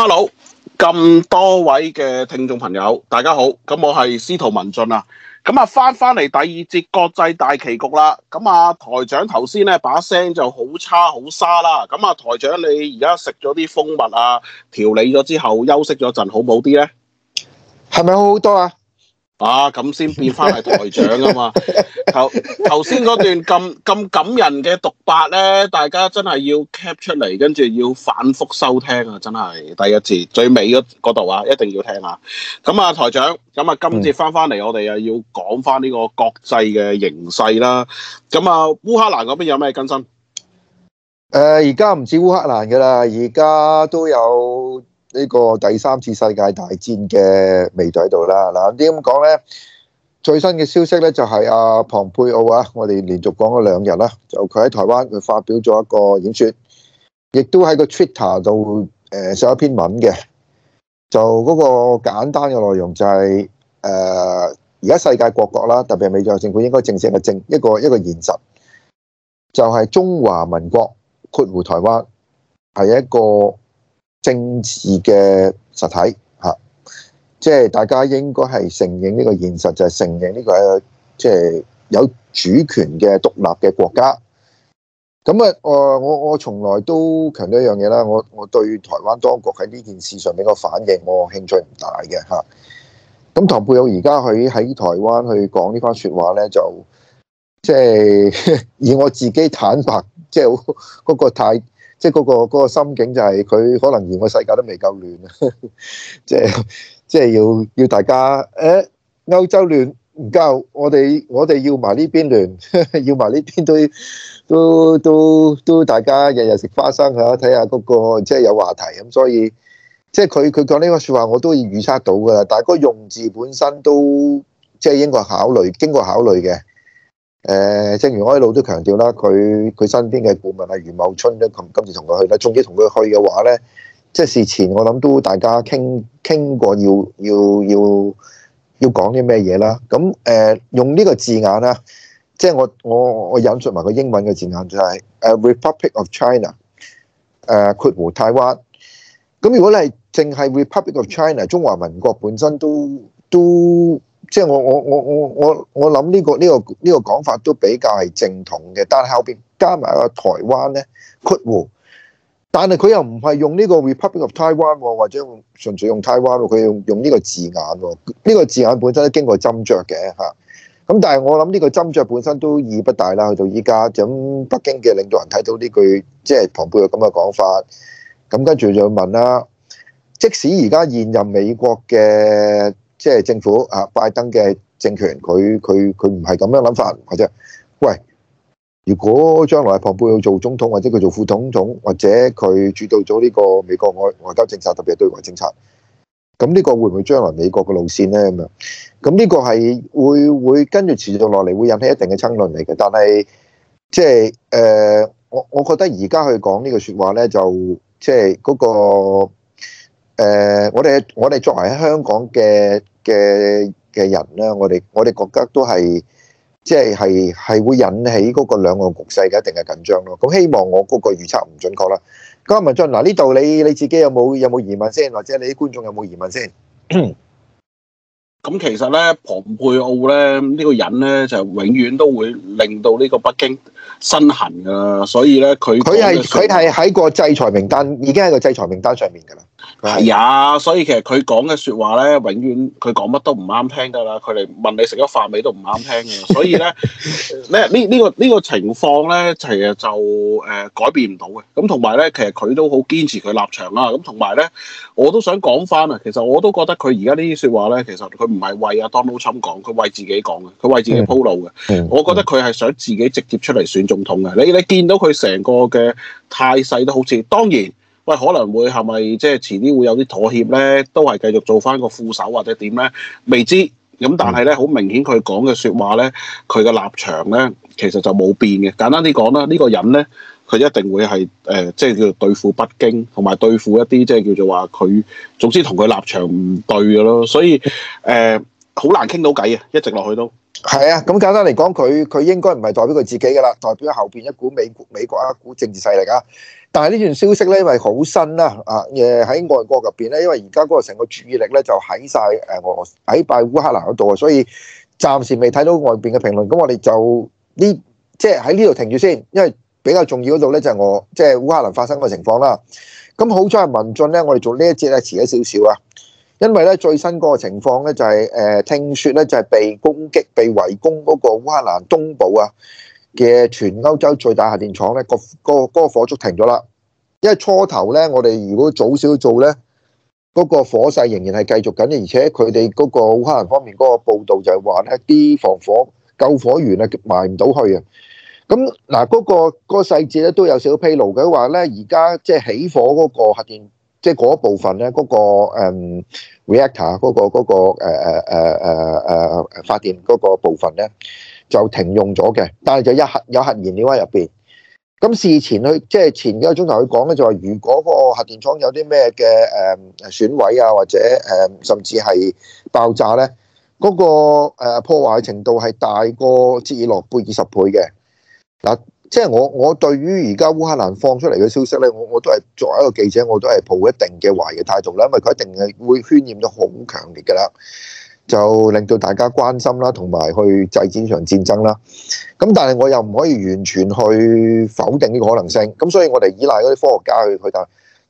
hello，咁多位嘅聽眾朋友，大家好，咁我係司徒文進啊，咁啊翻翻嚟第二節國際大棋局啦，咁啊台長頭先咧把聲就好差好沙啦，咁啊台長你而家食咗啲蜂蜜啊，調理咗之後休息咗陣，好唔好啲呢？係咪好好多啊？啊，咁先變翻係台長啊嘛！頭頭先嗰段咁咁感人嘅獨白咧，大家真係要 cap 出嚟，跟住要反覆收聽啊！真係第一節最尾嗰嗰度啊，一定要聽啊！咁啊，台長，咁啊今次翻翻嚟，我哋又要講翻呢個國際嘅形勢啦。咁啊，烏克蘭嗰邊有咩更新？誒，而家唔止烏克蘭噶啦，而家都有，呢個第三次世界大戰嘅味道喺度啦！嗱，點咁講呢？最新嘅消息呢，就係阿蓬佩奧啊！我哋連續講咗兩日啦，就佢喺台灣佢發表咗一個演說，亦都喺個 Twitter 度誒寫一篇文嘅。就嗰個簡單嘅內容就係誒而家世界各國啦，特別係美國政府應該正視嘅個一個一個現實，就係、是、中華民國括弧台灣係一個。政治嘅實體吓，即係大家應該係承認呢個現實，就係、是、承認呢個即係有主權嘅獨立嘅國家。咁啊，我我我從來都強調一樣嘢啦，我我對台灣當局喺呢件事上面個反應，我興趣唔大嘅吓。咁蓬佩奧而家喺喺台灣去講呢番說話咧，就即係、就是、 以我自己坦白，即係嗰個態。即係、那、嗰、個那個心境就係佢可能連個世界都未夠亂啊、， 就是！即係即係要要大家誒、欸、歐洲亂唔夠，我哋我哋要埋呢邊亂， 要埋呢邊都都都都大家日日食花生嚇，睇下嗰、那個即係有話題咁，所以即係佢佢講呢個説話我都預測到㗎啦，但係個用字本身都即係應該考慮經過考慮嘅。誒、呃，正如我一路都強調啦，佢佢身邊嘅顧問啊，余茂春都今今次同佢去啦，總之同佢去嘅話咧，即係事前我諗都大家傾傾過要要要要講啲咩嘢啦。咁、嗯、誒、呃，用呢個字眼啦，即係我我我引述埋個英文嘅字眼就係、是、誒 Republic of China，誒括弧台灣。咁、嗯、如果你淨係 Republic of China，中華民國本身都都。即係我我我我我我諗呢個呢個呢個講法都比較係正統嘅，但後邊加埋個台灣呢括弧，但係佢又唔係用呢個 Republic of Taiwan 或者純粹用台灣喎，佢用用呢個字眼喎，呢個字眼本身都經過斟酌嘅嚇。咁但係我諗呢個斟酌本身都意義不大啦。去到依家，咁北京嘅領導人睇到呢句即係蓬佩奧咁嘅講法，咁跟住就問啦。即使而家現任美國嘅即係政府啊，拜登嘅政權，佢佢佢唔係咁樣諗法，或者，喂，如果將來係蓬佩奧做總統，或者佢做副總統，統，或者佢主導咗呢個美國外外交政策，特別係對華政策，咁呢個會唔會將來美國嘅路線呢？咁樣？咁呢個係會會跟住持續落嚟，會引起一定嘅爭論嚟嘅。但係即係誒，我我覺得而家去講呢個説話呢，就即係嗰個、呃、我哋我哋作為香港嘅，嘅嘅人咧，我哋我哋覺得都係即係係係會引起嗰個兩岸局勢嘅一定係緊張咯。咁希望我嗰個預測唔準確啦。嘉文進，嗱，呢度你你自己有冇有冇疑問先，或者你啲觀眾有冇疑問先？咁其實咧，蓬佩奧咧呢個人咧就永遠都會令到呢個北京身痕噶，所以咧佢佢係佢係喺個制裁名單，已經喺個制裁名單上面噶啦。係啊，所以其實佢講嘅說話咧，永遠佢講乜都唔啱聽噶啦。佢哋問你食咗飯未都唔啱聽嘅。所以咧咧呢呢、 呢個呢、呢個呢個情況咧，其實就誒、呃、改變唔到嘅。咁同埋咧，其實佢都好堅持佢立場啦。咁同埋咧，我都想講翻啊。其實我都覺得佢而家呢啲說話咧，其實佢唔係為阿 Donald Trump 講，佢為自己講嘅，佢為，為自己鋪路嘅。 我覺得佢係想自己直接出嚟。選總統嘅，你你見到佢成個嘅態勢都好似，當然喂可能會係咪即係遲啲會有啲妥協咧，都係繼續做翻個副手或者點咧，未知。咁但係咧，好明顯佢講嘅説話咧，佢嘅立場咧，其實就冇變嘅。簡單啲講啦，呢個人咧，佢一定會係誒，即係叫做對付北京，同埋對付一啲即係叫做話佢，總之同佢立場唔對嘅咯。所以誒，好難傾到計啊，一直落去都。係啊，咁簡單嚟講，佢佢應該唔係代表佢自己噶啦，代表後邊一股美國美國一股政治勢力啊。但係呢段消息咧，因為好新啦，啊，誒喺外國入邊咧，因為而家嗰個成個注意力咧就喺晒誒俄喺拜烏克蘭嗰度啊，所以暫時未睇到外邊嘅評論。咁我哋就呢即係喺呢度停住先，因為比較重要嗰度咧就係我即係烏克蘭發生嘅情況啦。咁好彩文進咧，我哋做一呢一節啊，遲咗少少啊。因為咧最新嗰個情況咧就係誒聽説咧就係被攻擊、被圍攻嗰個烏克蘭東部啊嘅全歐洲最大核電廠咧，個嗰嗰個火燭停咗啦。因為初頭咧，我哋如果早少做咧，嗰個火勢仍然係繼續緊，而且佢哋嗰個烏克蘭方面嗰個報導就係話咧，一啲防火救火員啊埋唔到去啊。咁嗱嗰個嗰個細節咧都有少披露嘅，話咧而家即係起火嗰個核電。即係嗰部分咧，嗰個 reactor 嗰個嗰個誒誒誒誒誒發電嗰個部分咧，就停用咗嘅。但係就有核有核燃料喺入邊。咁事前去即係前幾個鐘頭去講咧，就話如果嗰個核電廠有啲咩嘅誒損毀啊，或者誒甚至係爆炸咧，嗰個破壞程度係大過切爾諾貝爾二十倍嘅。即係我我對於而家烏克蘭放出嚟嘅消息呢，我我都係作為一個記者，我都係抱一定嘅懷疑態度啦，因為佢一定係會渲染到好強烈㗎啦，就令到大家關心啦，同埋去制戰場戰爭啦。咁但係我又唔可以完全去否定呢個可能性。咁所以我哋依賴嗰啲科學家去去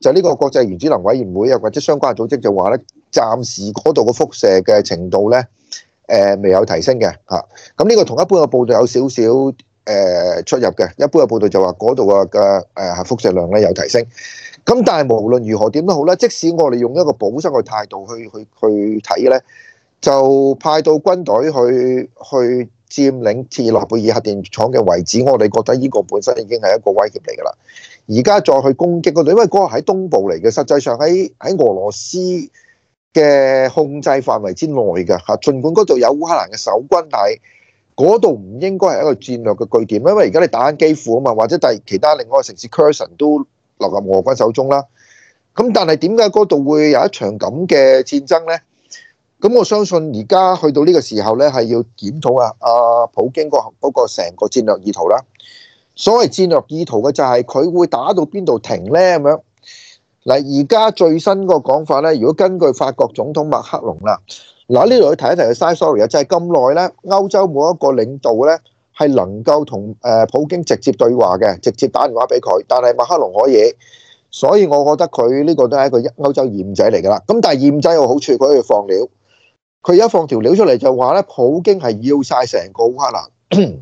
就呢個國際原子能委員會啊，或者相關組織就話呢，暫時嗰度嘅輻射嘅程度呢誒、呃、未有提升嘅嚇。咁、啊、呢個同一般嘅報道有少少，誒出入嘅，一般嘅報道就話嗰度嘅嘅誒輻射量咧有提升，咁但係無論如何點都好啦，即使我哋用一個保守嘅態度去去去睇咧，就派到軍隊去去佔領切爾諾貝爾核電廠嘅位置，我哋覺得呢個本身已經係一個威脅嚟噶啦。而家再去攻擊嗰度，因為嗰個喺東部嚟嘅，實際上喺喺俄羅斯嘅控制範圍之內嘅嚇，儘管嗰度有烏克蘭嘅守軍，但係。嗰度唔應該係一個戰略嘅據點，因為而家你打緊基輔啊嘛，或者第其他另外一個城市 Kherson 都落入俄軍手中啦。咁但係點解嗰度會有一場咁嘅戰爭呢？咁我相信而家去到呢個時候呢，係要檢討啊啊普京嗰嗰個成個戰略意圖啦。所謂戰略意圖嘅就係佢會打到邊度停呢咁樣。嗱，而家最新個講法呢，如果根據法國總統麥克龍啦。嗱，呢度去提一提嘅。Sorry 啊，即係咁耐咧，歐洲冇一個領導咧係能夠同誒普京直接對話嘅，直接打電話俾佢。但係馬克龍可以，所以我覺得佢呢個都係一個歐洲驗仔嚟㗎啦。咁但係驗仔有好處，佢可以放料。佢一放條料出嚟就話咧，普京係要晒成個烏克蘭。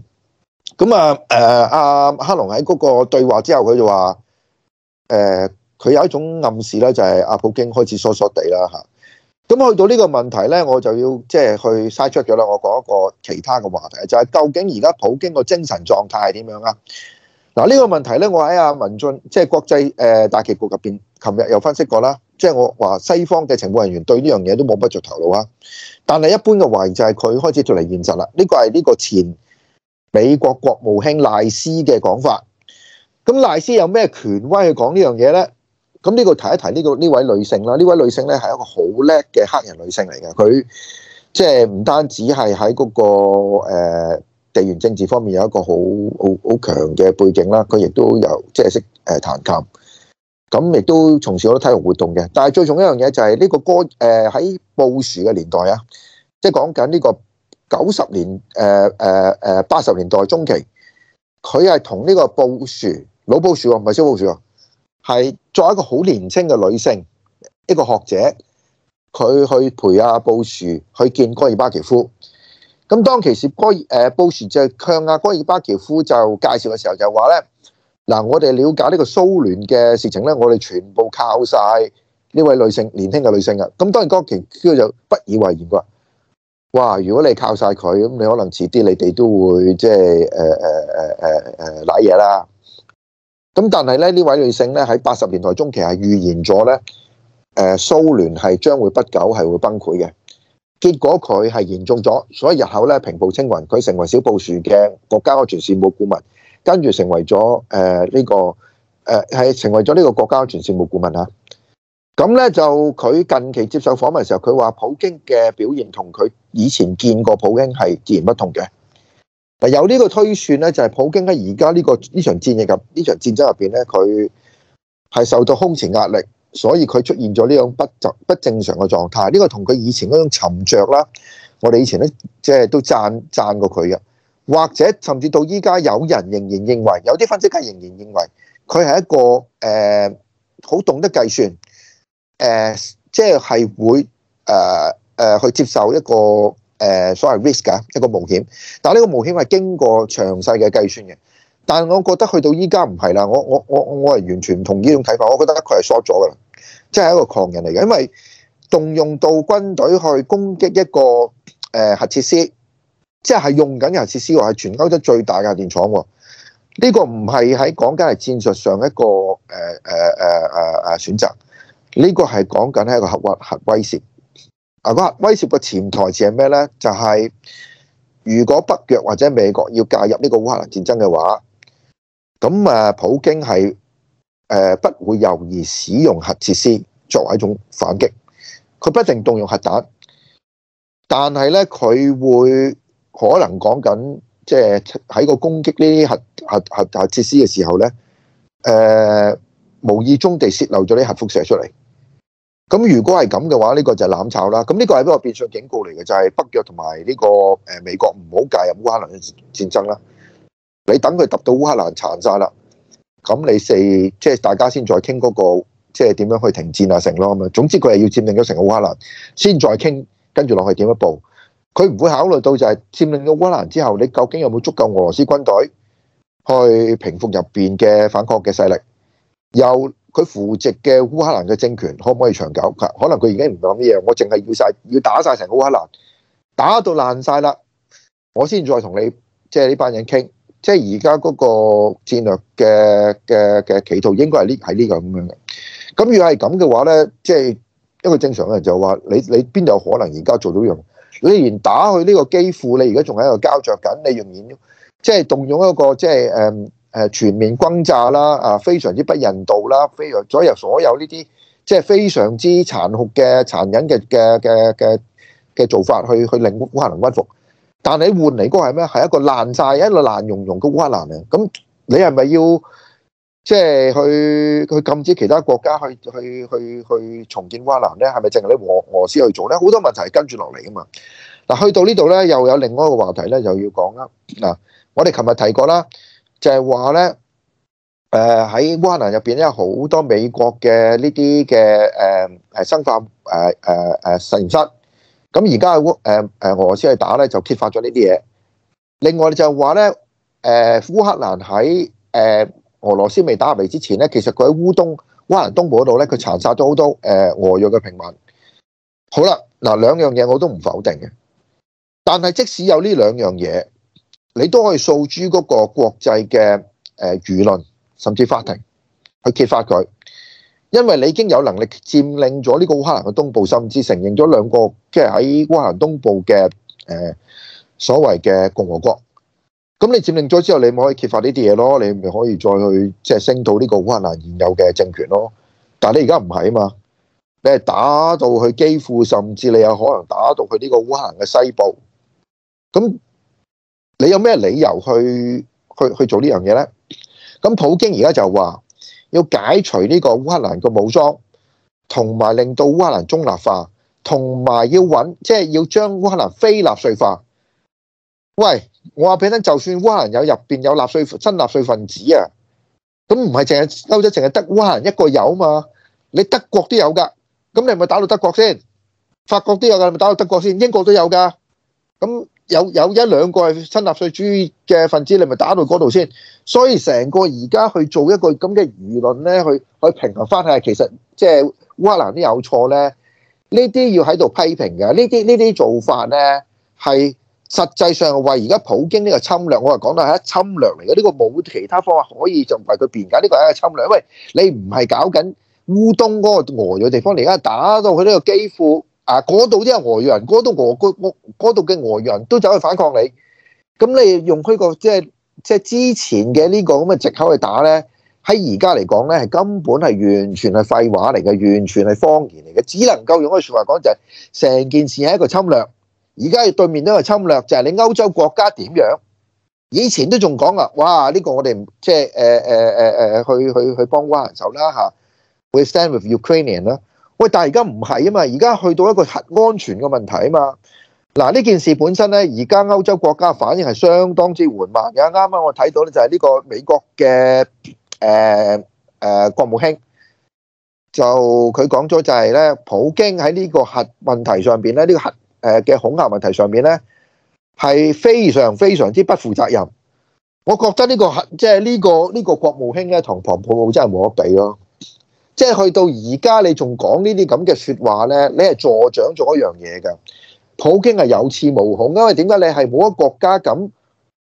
咁 啊誒阿馬克龍喺嗰個對話之後，佢就話誒佢有一種暗示咧，就係阿普京開始疏疏地啦嚇。咁去到呢個問題呢，我就要即係去嘥出咗啦。我講一個其他嘅話題，就係、是、究竟而家普京個精神狀態係點樣啊？嗱，呢個問題呢，我喺阿文進即係國際誒大棋局入邊，琴日又分析過啦。即係我話西方嘅情報人員對呢樣嘢都摸不着頭腦啊。但係一般嘅懷疑就係佢開始脫離現實啦。呢、這個係呢個前美國國務卿賴斯嘅講法。咁賴斯有咩權威去講呢樣嘢呢？咁呢個提一提呢個呢位女性啦，呢位女性咧係一個好叻嘅黑人女性嚟嘅，佢即係唔單止係喺嗰個地緣政治方面有一個好好好強嘅背景啦，佢亦都有即係識誒彈琴，咁亦都從事好多體育活動嘅。但係最重要一樣嘢就係呢個歌誒喺布殊嘅年代啊，即係講緊呢個九十年誒誒誒八十年代中期，佢係同呢個布殊老布殊啊，唔係小布殊啊。係作為一個好年輕嘅女性，一個學者，佢去陪阿、啊、布什去見戈爾巴喬夫。咁當其時，戈誒布什就向阿戈爾巴喬夫就介紹嘅時候就，就話咧：嗱，我哋了解呢個蘇聯嘅事情咧，我哋全部靠晒呢位女性年輕嘅女性啊。咁當然，戈爾巴喬夫就不以為然，話：哇，如果你靠晒佢，咁你可能遲啲你哋都會即係誒誒誒誒誒瀨嘢啦。呃呃呃呃咁但係咧，呢位女性咧喺八十年代中期係預言咗咧，誒蘇聯係將會不久係會崩潰嘅。結果佢係驗證咗，所以日後咧平步青雲，佢成為小布什嘅國家安全事務顧問，跟住成為咗誒呢個誒係成為咗呢個國家安全事務顧問啊。咁咧就佢近期接受訪問嘅時候，佢話普京嘅表現同佢以前見過普京係截然不同嘅。有呢個推算呢，就係、是、普京喺而家呢個呢場戰役入呢場戰爭入邊咧，佢係受到空前壓力，所以佢出現咗呢種不不正常嘅狀態。呢、這個同佢以前嗰種沉着啦，我哋以前咧即係都讚讚過佢嘅，或者甚至到依家有人仍然認為，有啲分析家仍然認為佢係一個誒好、呃、懂得計算，誒即係會誒誒、呃呃、去接受一個。誒、呃、所謂 risk 㗎一個冒險，但係呢個冒險係經過詳細嘅計算嘅。但係我覺得去到依家唔係啦，我我我我我係完全唔同意呢種睇法。我覺得佢係 short 咗㗎啦，即係一個狂人嚟嘅，因為動用到軍隊去攻擊一個誒、呃、核設施，即係用緊嘅核設施喎，係全歐洲最大嘅核電廠喎。呢、這個唔係喺講緊係戰術上一個誒誒誒誒誒選擇，呢、這個係講緊係一個核核威懾。威懾嘅潛台詞係咩咧？就係、是、如果北約或者美國要介入呢個烏克蘭戰爭嘅話，咁啊，普京係誒不會猶豫使用核設施作為一種反擊。佢不定動用核彈，但係咧佢會可能講緊，即係喺個攻擊呢啲核核核核設施嘅時候咧，誒、呃、無意中地泄漏咗啲核輻射出嚟。咁如果係咁嘅話，呢個就係攬炒啦。咁呢個係一個變相警告嚟嘅，就係北約同埋呢個誒美國唔好介入烏克蘭嘅戰爭啦。你等佢揼到烏克蘭殘晒啦，咁你四即係大家先再傾嗰個，即係點樣去停戰啊成咯咁啊。總之佢係要佔領咗成個烏克蘭，先再傾，跟住落去點一步。佢唔會考慮到就係佔領咗烏克蘭之後，你究竟有冇足夠俄羅斯軍隊去平復入邊嘅反抗嘅勢力？由佢扶植嘅烏克蘭嘅政權可唔可以長久？可能佢已經唔諗呢樣，我淨係要晒要打晒成個烏克蘭，打到爛晒啦，我先再同你即係呢班人傾。即係而家嗰個戰略嘅嘅嘅企圖應該、這個，應該係呢喺呢個咁樣嘅。咁如果係咁嘅話咧，即係一個正常嘅人就話你你邊度有可能而家做到用？你連打去呢個基輔，你而家仲喺度膠着緊，你用唔用即係動用一個即係誒？嗯誒全面轟炸啦，啊非常之不人道啦，非常左右所有呢啲即係非常之殘酷嘅殘忍嘅嘅嘅嘅嘅做法去去令烏克蘭屈服。但你換嚟嗰個係咩？係一個爛晒、一個爛融融嘅烏克蘭啊！咁你係咪要即係去去禁止其他國家去去去去重建烏克蘭咧？係咪淨係你俄俄羅斯去做咧？好多問題跟住落嚟㗎嘛！嗱，去到呢度咧，又有另外一個話題咧，又要講啦嗱。我哋琴日提過啦。就係話咧，誒喺烏克蘭入邊咧有好多美國嘅呢啲嘅誒誒生化誒誒誒實驗室，咁而家烏誒誒俄羅斯去打咧就揭發咗呢啲嘢。另外就係話咧，誒烏克蘭喺誒俄羅斯未打入嚟之前咧，其實佢喺烏東、烏克蘭東部嗰度咧，佢殘殺咗好多誒俄裔嘅平民。好啦，嗱兩樣嘢我都唔否定嘅，但係即使有呢兩樣嘢，你都可以訴諸嗰個國際嘅誒輿論，甚至法庭去揭發佢，因為你已經有能力佔領咗呢個烏克蘭嘅東部，甚至承認咗兩個即係喺烏克蘭東部嘅誒、呃、所謂嘅共和國。咁你佔領咗之後，你咪可以揭發呢啲嘢咯，你咪可以再去即係聲討呢個烏克蘭現有嘅政權咯。但係你而家唔係啊嘛，你係打到去基輔，甚至你有可能打到去呢個烏克蘭嘅西部。咁你有咩理由去去去做呢樣嘢呢？咁普京而家就話要解除呢個烏克蘭個武裝，同埋令到烏克蘭中立化，同埋要揾，即係要將烏克蘭非納粹化。喂，我話俾你聽，就算烏克蘭有入邊有納粹分、新納粹分子啊，咁唔係淨係歐洲淨係得烏克蘭一個有嘛？你德國都有噶，咁你咪打到德國先；法國都有噶，你咪打到德國先；英國都有噶，咁。有有一兩個係親納粹主義嘅分子，你咪打到嗰度先。所以成個而家去做一個咁嘅輿論咧，去去平衡翻係其實即係烏克蘭都有錯咧。呢啲要喺度批評嘅，呢啲呢啲做法咧係實際上為而家普京呢個侵略。我話講到係一侵略嚟嘅，呢個冇其他方法可以就唔係佢辯解。呢個係一個侵略，因為你唔係搞緊烏東嗰個俄嘅地方，你而家打到佢呢個基輔。啊！嗰度啲外人，嗰度俄國，嗰度嘅外人，都走去反抗你。咁你用佢、個即係即係之前嘅呢個咁嘅藉口去打咧，喺而家嚟講咧，係根本係完全係廢話嚟嘅，完全係方言嚟嘅，只能夠用一句説話講就係，成件事係一個侵略。而家對面都係侵略，就係、是、你歐洲國家點樣？以前都仲講啊！哇！呢、這個我哋即係誒誒誒誒去去去幫烏人手啦嚇 We stand with Ukrainian 啦。喂，但係而家唔係啊嘛，而家去到一個核安全嘅問題啊嘛。嗱，呢件事本身咧，而家歐洲國家反應係相當之緩慢嘅。啱啱我睇到咧，就係呢個美國嘅誒誒國務卿就佢講咗，就係咧普京喺呢個核問題上邊咧，呢個核誒嘅恐嚇問題上邊咧，係非常非常之不負責任。我覺得呢個核即係呢個呢個國務卿咧，同蓬佩奧真係冇得比咯。即係去到而家，你仲講呢啲咁嘅説話呢？你係助長咗一樣嘢㗎。普京係有恃無恐，因為點解你係冇一個國家敢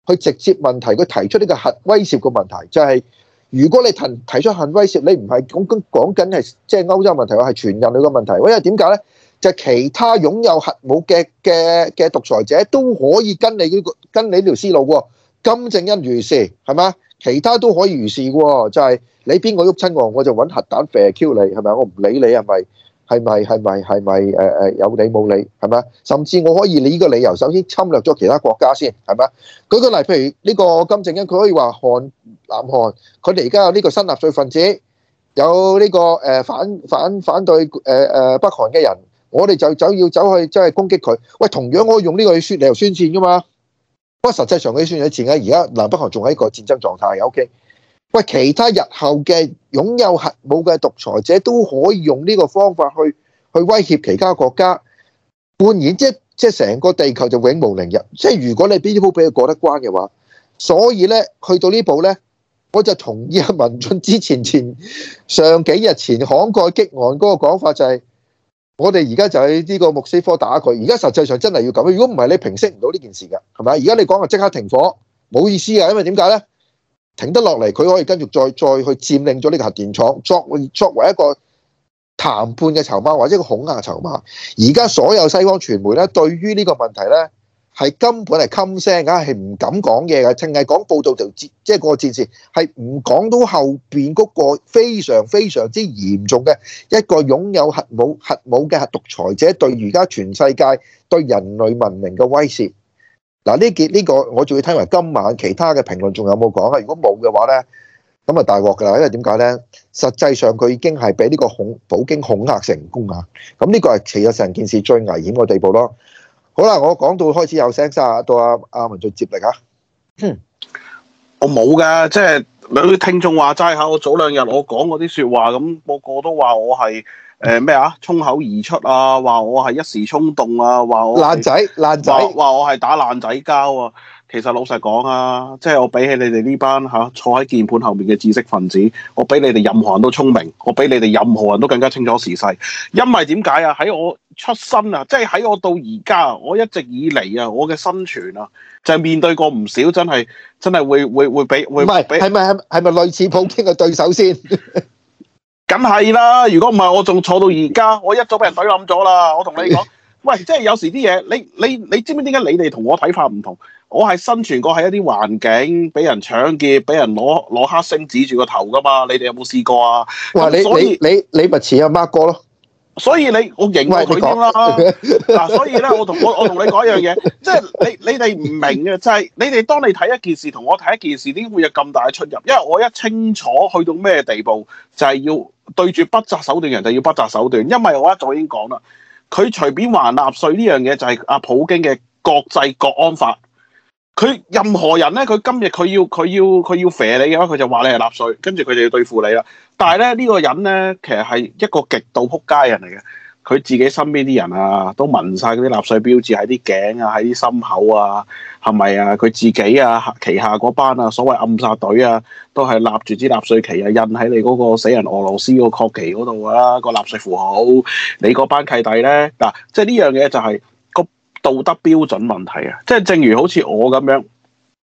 去直接問題？佢提出呢個核威脅嘅問題，就係、是、如果你提提出核威脅，你唔係講緊講緊係即係歐洲問題，而係全人類嘅問題。因為點解呢？就係、是、其他擁有核武嘅嘅嘅獨裁者都可以跟你呢個跟你呢條思路喎。金正恩如是，係嘛？其他都可以如是喎、哦，就係、是、你邊個喐親我，我就揾核彈射 Q 你，係咪？我唔理你係咪，係咪，係咪，係咪？誒誒，有理冇理，係咪？甚至我可以你呢個理由，首先侵略咗其他國家先，係咪？舉個例，譬如呢個金正恩，佢可以話韓南韓，佢哋而家有呢個新納粹分子，有呢、這個誒、呃、反反反對誒誒、呃呃、北韓嘅人，我哋就走要走去即係、就是、攻擊佢。喂，同樣我用呢、這個去説理由宣戰㗎嘛？不過實際上你算咗錢嘅，而家南北韓仲喺一個戰爭狀態 O.K. 喂，其他日後嘅擁有核武嘅獨裁者，都可以用呢個方法去去威脅其他國家，換言之，即係成個地球就永無寧日。即係如果你呢鋪俾佢過得關嘅話，所以咧去到呢步咧，我就同意阿文進之前前上幾日前慷慨激昂嗰個講法就係、是。我哋而家就喺呢個莫斯科打佢，而家實際上真係要咁。如果唔係，你平息唔到呢件事嘅，係咪？而家你講話，即刻停火，冇意思啊，因為點解呢？停得落嚟，佢可以跟住再再去佔領咗呢個核電廠，作作為一個談判嘅籌碼，或者一個恐嚇籌碼。而家所有西方傳媒呢，對於呢個問題呢。係根本係冚聲，梗係唔敢講嘢嘅。淨係講報道就即係個戰線，係唔講到後邊嗰個非常非常之嚴重嘅一個擁有核武核武嘅核獨裁者對而家全世界對人類文明嘅威脅。嗱，呢件呢個我仲要聽埋今晚其他嘅評論仲有冇講啊？如果冇嘅話呢，咁啊大鑊噶啦！因為點解呢？實際上佢已經係俾呢個恐普京恐嚇成功啊！咁呢個係其實成件事最危險嘅地步咯。好啦，我講到開始有聲晒到阿、啊、阿、啊、文再接力啊、嗯！我冇噶，即係有啲聽眾話齋下，我早兩日我講嗰啲說話咁，個個都話我係誒咩啊？衝口而出啊，話我係一時衝動啊，話我爛仔爛仔，話我係打爛仔交啊！其實老實講啊，即係我比起你哋呢班吓坐喺鍵盤後面嘅知識分子，我比你哋任何人都聰明，我比你哋任何人都更加清楚時勢。因為點解啊？喺我出身啊，即係喺我到而家，我一直以嚟啊，我嘅生存啊，就係面對過唔少真係真係會會會俾會唔係？係咪係咪類似普京嘅對手先？梗係啦，如果唔係我仲坐到而家，我一早俾人懟冧咗啦！我同你講。 喂，即係有時啲嘢，你你你，你知唔知點解你哋同我睇法唔同？我係生存過喺一啲環境，俾人搶劫，俾人攞攞黑星指住個頭噶嘛？你哋有冇試過啊？嗱，所以你你唔似阿 Mark 哥咯。所以你我認為佢啲啦。嗱，所以咧，我同我我同你講一樣嘢，即係你你哋唔明嘅即係，你哋、就係、當你睇一件事同我睇一件事，點會有咁大嘅出入？因為我一清楚去到咩地步，就係、是、要對住不擇手段人就要不擇手段，因為我一早已經講啦。佢隨便話納稅呢樣嘢就係阿普京嘅國際國安法，佢任何人咧，佢今日佢要佢要佢要惹你嘅話，佢就話你係納稅，跟住佢就要對付你啦。但係咧呢個人咧，其實係一個極度撲街人嚟嘅。佢自己身邊啲人啊，都紋晒嗰啲納粹標誌喺啲頸啊，喺啲心口啊，係咪啊？佢自己啊，旗下嗰班啊，所謂暗殺隊啊，都係立住支納粹旗啊，印喺你嗰個死人俄羅斯個國旗嗰度啊。個納粹符號。你嗰班契弟咧，嗱、啊，即係呢樣嘢就係個道德標準問題啊！即係正如好似我咁樣。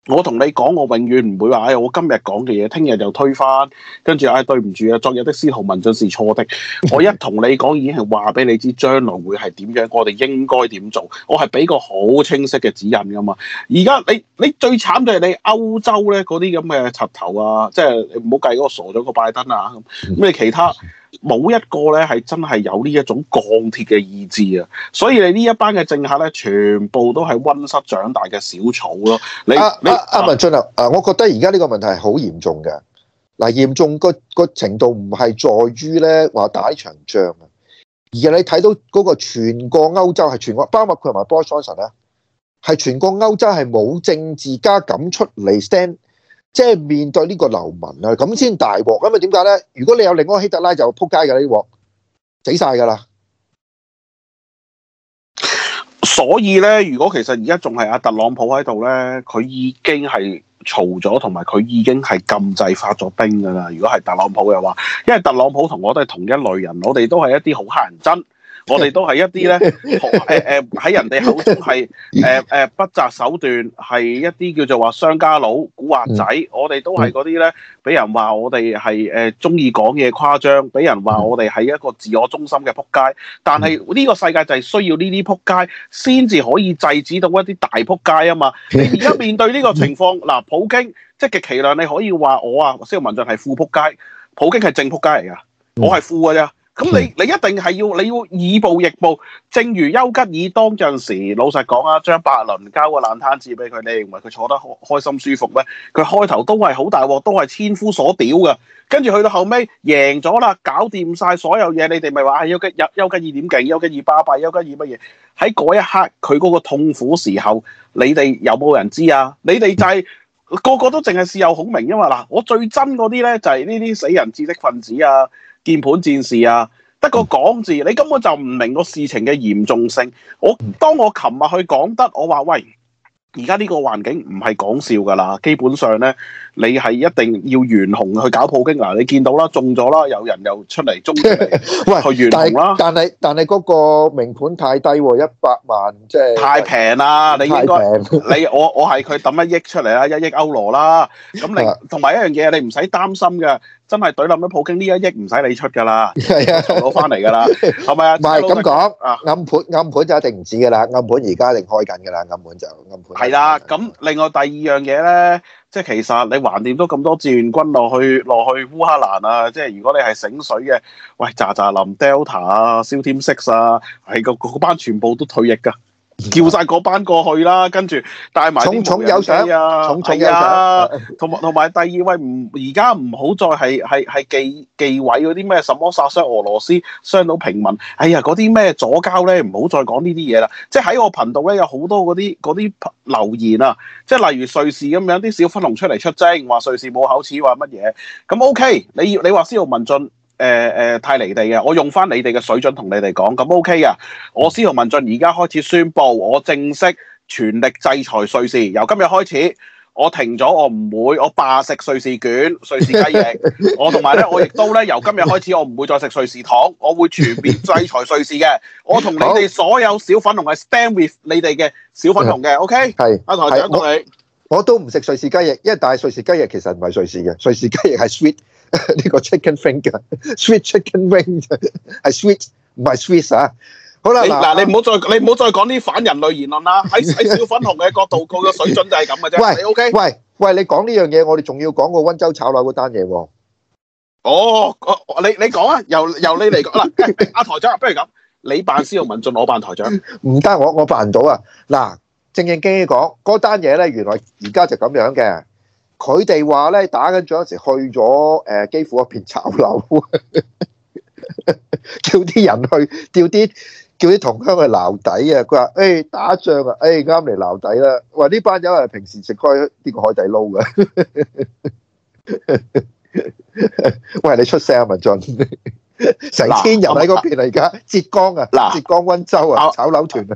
我同你講，我永遠唔會話，哎，我今日講嘅嘢，聽日就推翻，跟住，哎，對唔住啊，昨日的司徒文進是錯的。我一同你講，已經係話俾你知，將來會係點樣，我哋應該點做，我係俾個好清晰嘅指引噶嘛。而家你你最慘就係你歐洲咧嗰啲咁嘅插頭啊，即係唔好計嗰個傻咗個拜登啊，咁咩其他。冇一個咧係真係有呢一種鋼鐵嘅意志啊！所以你呢一班嘅政客咧，全部都係溫室長大嘅小草咯。你，阿阿文進啊，啊，我覺得而家呢個問題係好嚴重嘅。嗱，嚴重個個程度唔係在於咧話打呢場仗啊，而係你睇到嗰個全個歐洲係全個，包括佢同埋 Boris Johnson 咧，係全個歐洲係冇政治家敢出嚟 stand。即係面對呢個流民啊，咁先大鑊咁啊？點解咧？如果你有另外個希特拉就，就扑街噶呢鑊，死晒噶啦。所以咧，如果其實而家仲係阿特朗普喺度咧，佢已經係嘈咗，同埋佢已經係禁制發咗兵噶啦。如果係特朗普嘅話，因為特朗普同我都係同一類人，我哋都係一啲好乞人憎。 我哋都係一啲咧，誒誒喺人哋口中係誒誒不擇手段，係一啲叫做話商家佬、古惑仔。我哋都係嗰啲咧，俾人我、呃、話我哋係誒中意講嘢誇張，俾人話我哋係一個自我中心嘅仆街。但係呢個世界就係需要呢啲仆街，先至可以制止到一啲大仆街啊嘛。你而家面對呢個情況，嗱，普京即極其量你可以話我啊，司徒文進係富仆街，普京係正仆街嚟噶，我係富嘅啫。 咁、嗯、你你一定係要你要以暴易暴，正如丘吉爾當陣時，老實講啊，張伯倫交個爛攤子俾佢，你認為佢坐得開心舒服咩？佢開頭都係好大鑊，都係千夫所屌噶，跟住去到後尾贏咗啦，搞掂晒所有嘢，你哋咪話啊，丘吉丘丘吉爾點勁，丘吉爾巴閉，丘吉爾乜嘢？喺嗰一刻佢嗰個痛苦時候，你哋有冇人知啊？你哋就係、是、個個都淨係事後孔明，因為嗱，我最憎嗰啲咧就係呢啲死人知識分子啊。鍵盤戰士啊，得個講字，你根本就唔明個事情嘅嚴重性。我當我琴日去講得，我話喂，而家呢個環境唔係講笑噶啦，基本上咧，你係一定要懸紅去搞普京啊！你見到啦，中咗啦，有人又出嚟捉，喂，去懸紅啦！但係但係嗰個名盤太低，一百萬即係太平啦，你應該你我我係佢抌一億出嚟啦，一億歐羅啦，咁你同埋一樣嘢，你唔使擔心嘅。真係懟冧咗普京呢一億唔使你出㗎啦，係啊，攞翻嚟㗎啦，係咪啊？唔係咁講啊，暗盤暗盤就一定唔止㗎啦，暗盤而家一定開緊㗎啦，暗盤就暗盤。係啦，咁另外第二樣嘢咧，即係其實你橫掂都咁多志願軍落去落去烏克蘭啊，即係如果你係醒水嘅，喂喳喳林 Delta 啊，Seal Team Six 啊，係個嗰班全部都退役㗎。叫晒嗰班過去啦，跟住帶埋重重有賞啊，重重有賞。同埋同埋第二位唔而家唔好再係係係紀紀委嗰啲咩什麼殺傷俄羅斯傷到平民，哎呀嗰啲咩左膠咧唔好再講呢啲嘢啦。即係喺我頻道咧有好多嗰啲啲留言啊，即係例如瑞士咁樣啲小粉紅出嚟出征話瑞士冇口齒，話乜嘢咁 OK？你你話司徒文進。誒誒，太離地嘅，我用翻你哋嘅水準同你哋講咁 OK 啊。我司徒文進而家開始宣布，我正式全力制裁瑞士。由今日開始，我停咗，我唔會我罷食瑞士卷、瑞士雞翼。我同埋咧，我亦都咧，由今日開始，我唔會再食瑞士糖。我會全面制裁瑞士嘅。我同你哋所有小粉紅係 stand with 你哋嘅小粉紅嘅。OK 係阿台長，講到你。啊、我,我,我都唔食瑞士雞翼，因為但係瑞士雞翼其實唔係瑞士嘅，瑞士雞翼係 sweet。呢個 chicken finger，sweet chicken wing，係 sweet 唔係 sweet 啊！好啦，嗱你唔好再你唔好再講啲反人類言論啦！喺喺小粉紅嘅角度，佢個水準就係咁嘅啫。你 OK？喂喂，你講呢樣嘢，我哋仲要講個溫州炒樓嗰單嘢喎。哦，你你講啊，由由你嚟講啦，阿台長，不如咁，你扮司徒文進，我扮台長，唔得，我我扮唔到啊！嗱，正正經經講嗰單嘢咧，原來而家就咁樣嘅。佢哋話咧，打緊仗嗰時去咗誒機庫嗰邊炒樓，叫啲人去調啲叫啲同鄉去撈底啊！佢話：誒、欸、打仗啊，誒啱嚟撈底啦、啊！話呢班友係平時食開呢個海底撈嘅， 喂你出聲啊文進。成千人喺嗰邊嚟，㗎浙江啊，嗱、啊，浙江溫州啊，炒樓團啊！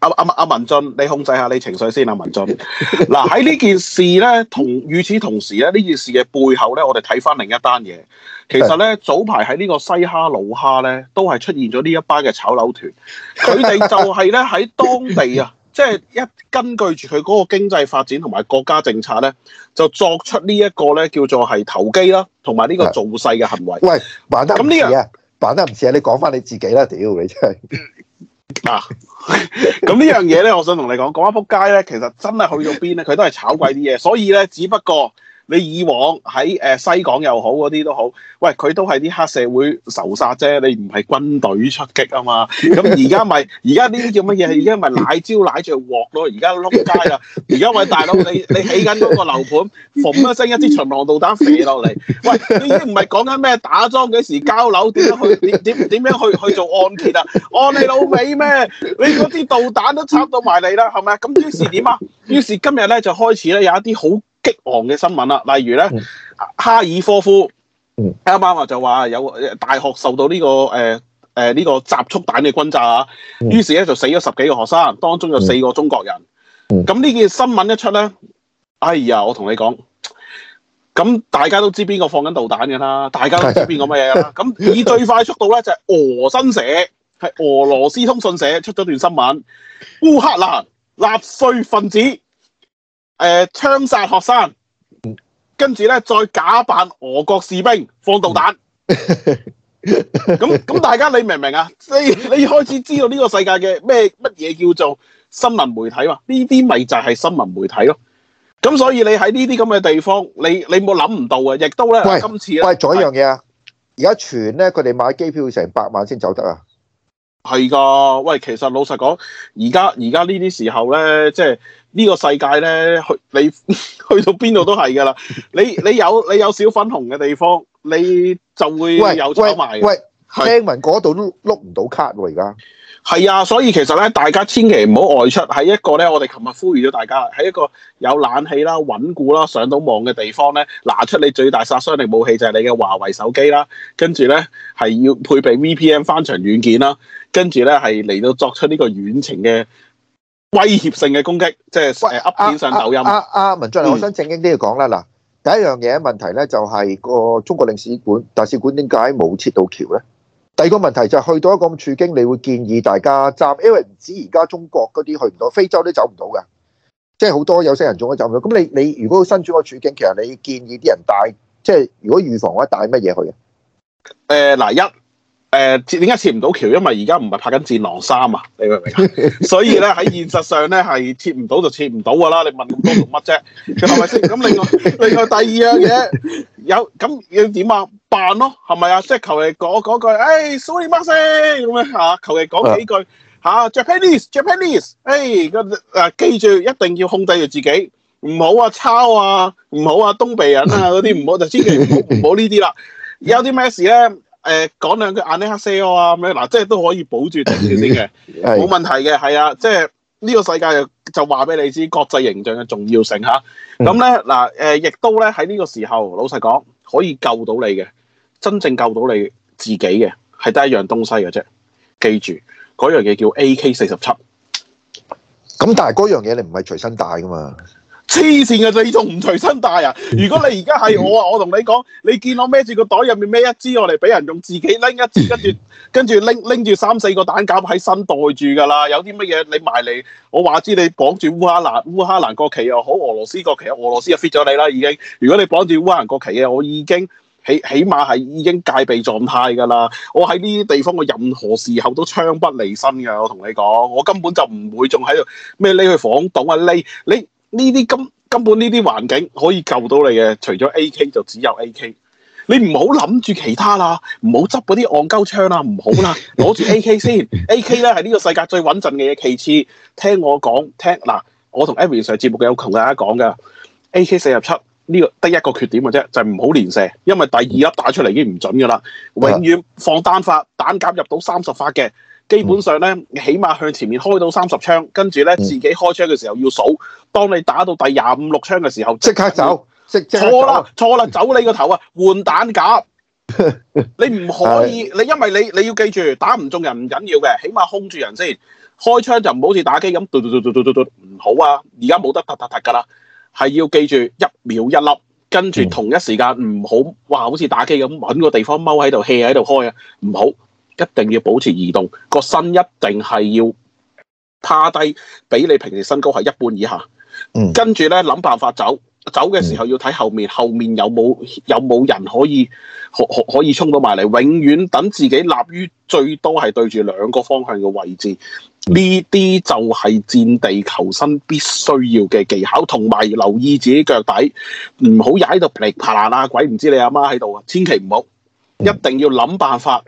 阿阿阿文進，你控制下你情緒先啊，啊！文進，嗱喺呢件事咧，同與此同時咧，呢件事嘅背後咧，我哋睇翻另一單嘢。其實咧，是的 早排喺呢個西哈魯哈咧，都係出現咗呢一班嘅炒樓團，佢哋就係咧喺當地啊。 即係一根據住佢嗰個經濟發展同埋國家政策咧，就作出呢一個咧叫做係投機啦，同埋呢個造勢嘅行為。喂，玩得咁似啊！扮樣得唔似啊！你講翻你自己啦，屌你真係 啊！咁呢樣嘢咧，我想同你講，講一撲街咧，其實真係去到邊咧，佢都係炒貴啲嘢，所以咧，只不過。你以往喺誒、呃、西港又好嗰啲都好，喂，佢都係啲黑社會仇殺啫，你唔係軍隊出擊啊嘛。咁而家咪而家呢啲叫乜嘢？而家咪奶招奶住鑊咯。而家碌街啊！而家喂大佬，你你起緊嗰個樓盤，馮一聲一支巡航導彈射落嚟。喂，你已經唔係講緊咩打仗嘅時交樓，點樣去點點點去去，去做按揭啊？按、哦、你老味咩？你嗰啲導彈都插到埋你啦，係咪啊？咁於是點啊？於是，是今日咧就開始咧有一啲好。激昂嘅新聞啦，例如咧，哈爾科夫啱啱啊就話有大學受到呢、這個誒誒呢個集束彈嘅轟炸啊，於、嗯、是咧就死咗十幾個學生，當中有四個中國人。咁呢、嗯嗯、件新聞一出咧，哎呀，我同你講，咁大家都知邊個放緊導彈㗎啦，大家都知邊個乜嘢啦。咁 以最快速度咧就係俄新社，係俄羅斯通信社出咗段新聞，烏克蘭納粹分子。誒，槍殺、呃、學生，跟住咧再假扮俄國士兵放導彈，咁咁 大家你明唔明啊？你你開始知道呢個世界嘅咩乜嘢叫做新聞媒體嘛？呢啲咪就係新聞媒體咯。咁所以你喺呢啲咁嘅地方，你你冇諗唔到啊！亦都咧喂今次呢，喂，仲有一樣嘢啊！而家是全咧，佢哋買機票成百萬先走得啊！係噶，喂，其實老實講，而家而家呢啲時候咧，即係呢個世界咧，去你去到邊度都係噶啦。你你有你有小粉紅嘅地方，你就會有炒賣喂。喂，聽聞嗰度都碌唔到卡喎，而家係啊，所以其實咧，大家千祈唔好外出。喺一個咧，我哋琴日呼籲咗大家，喺一個有冷氣啦、穩固啦、上到網嘅地方咧，拿出你最大殺傷力武器就係你嘅華為手機啦，跟住咧係要配備 VPN 翻牆軟件啦。跟住咧，係嚟到作出呢個遠程嘅威脅性嘅攻擊，即係 up 上抖音。阿阿、啊啊啊、文進，我想正經啲講啦嗱，嗯、第一樣嘢問題咧，就係個中國領事館、大使館點解冇撤到僑咧？第二個問題就係、是、去到一個處境，你會建議大家站，因為唔止而家中國嗰啲去唔到，非洲都走唔到噶，即係好多有色人種都走唔到。咁你你如果身處個處境，其實你建議啲人帶，即係如果預防嘅話帶乜嘢去？誒、呃，嗱一。誒，點解切唔到橋？因為而家唔係拍緊《戰狼三》啊，你明唔明？ 所以咧喺現實上咧係切唔到就切唔到噶啦。你問咁多做乜啫？係咪先？咁另外另外第二樣嘢有咁要點啊？辦咯，係咪啊？即係求其講嗰句，誒，sorry，master 咁樣嚇，求其講幾句嚇、 啊、Japanese，Japanese，誒個誒、啊、記住，一定要控制住自己，唔好啊抄啊，唔好啊東鼻人啊嗰啲，唔好就千祈唔好呢啲啦。有啲咩事咧？誒，講、呃、兩句阿、啊、尼克西歐啊，咁樣嗱，即係都可以保住定先嘅，冇 問題嘅，係啊，即係呢個世界就 就話俾你知國際形象嘅重要性吓。咁咧嗱，誒、嗯，亦、嗯、都咧喺呢個時候，老實講可以救到你嘅，真正救到你自己嘅，係得一樣東西嘅啫。記住嗰樣嘢叫 AK 四十七。咁但係嗰樣嘢你唔係隨身帶噶嘛？黐線嘅，你仲唔隨身帶啊？如果你而家係我啊，我同你講，你見我孭住個袋入面孭一支我嚟俾人用，自己拎一支，跟住跟住拎拎住三四個彈夾喺身袋住噶啦。有啲乜嘢你埋嚟，我話知你綁住烏哈蘭烏哈蘭國旗又好，俄羅斯國旗俄羅斯就 fit 咗你啦已經。如果你綁住烏克蘭國旗嘅，我已經起起碼係已經戒備狀態噶啦。我喺呢啲地方我任何時候都槍不離身嘅，我同你講，我根本就唔會仲喺度咩匿去房棟啊匿你。你你你你你呢啲根根本呢啲環境可以救到你嘅，除咗 AK 就只有 AK。你唔好諗住其他啦，唔好執嗰啲戇鳩槍啦，唔好啦，攞住 AK 先。AK 咧係呢個世界最穩陣嘅嘢。其次，聽我講，聽嗱，我同 Abby 上節目有同大家講嘅，AK 四十七呢個得一個缺點嘅啫，就係唔好連射，因為第二粒打出嚟已經唔準噶啦，永遠放單發，彈夾入到三十發嘅。基本上咧，起碼向前面開到三十槍，跟住咧自己開槍嘅時候要數。當你打到第廿五六槍嘅時候，即刻走。即刻走。錯啦，錯啦，走你個頭啊！換彈夾。你唔可以，你因為你你要記住，打唔中人唔緊要嘅，起碼控住人先。開槍就唔好似打機咁，嘟嘟嘟嘟嘟嘟，唔好啊！而家冇得突突突㗎啦，係要記住一秒一粒，跟住同一時間唔好哇，好似打機咁揾個地方踎喺度 hea 喺度開啊，唔好。一定要保持移動，個身一定係要趴低，比你平時身高係一半以下。嗯、跟住咧，諗辦法走，走嘅時候要睇後面，後面有冇有冇人可以可可以衝到埋嚟。永遠等自己立於最多係對住兩個方向嘅位置。呢啲、嗯、就係戰地求生必須要嘅技巧，同埋要留意自己腳底，唔好踩到劈爬啦、啊！鬼唔知你阿媽喺度啊！千祈唔好，嗯、一定要諗辦法。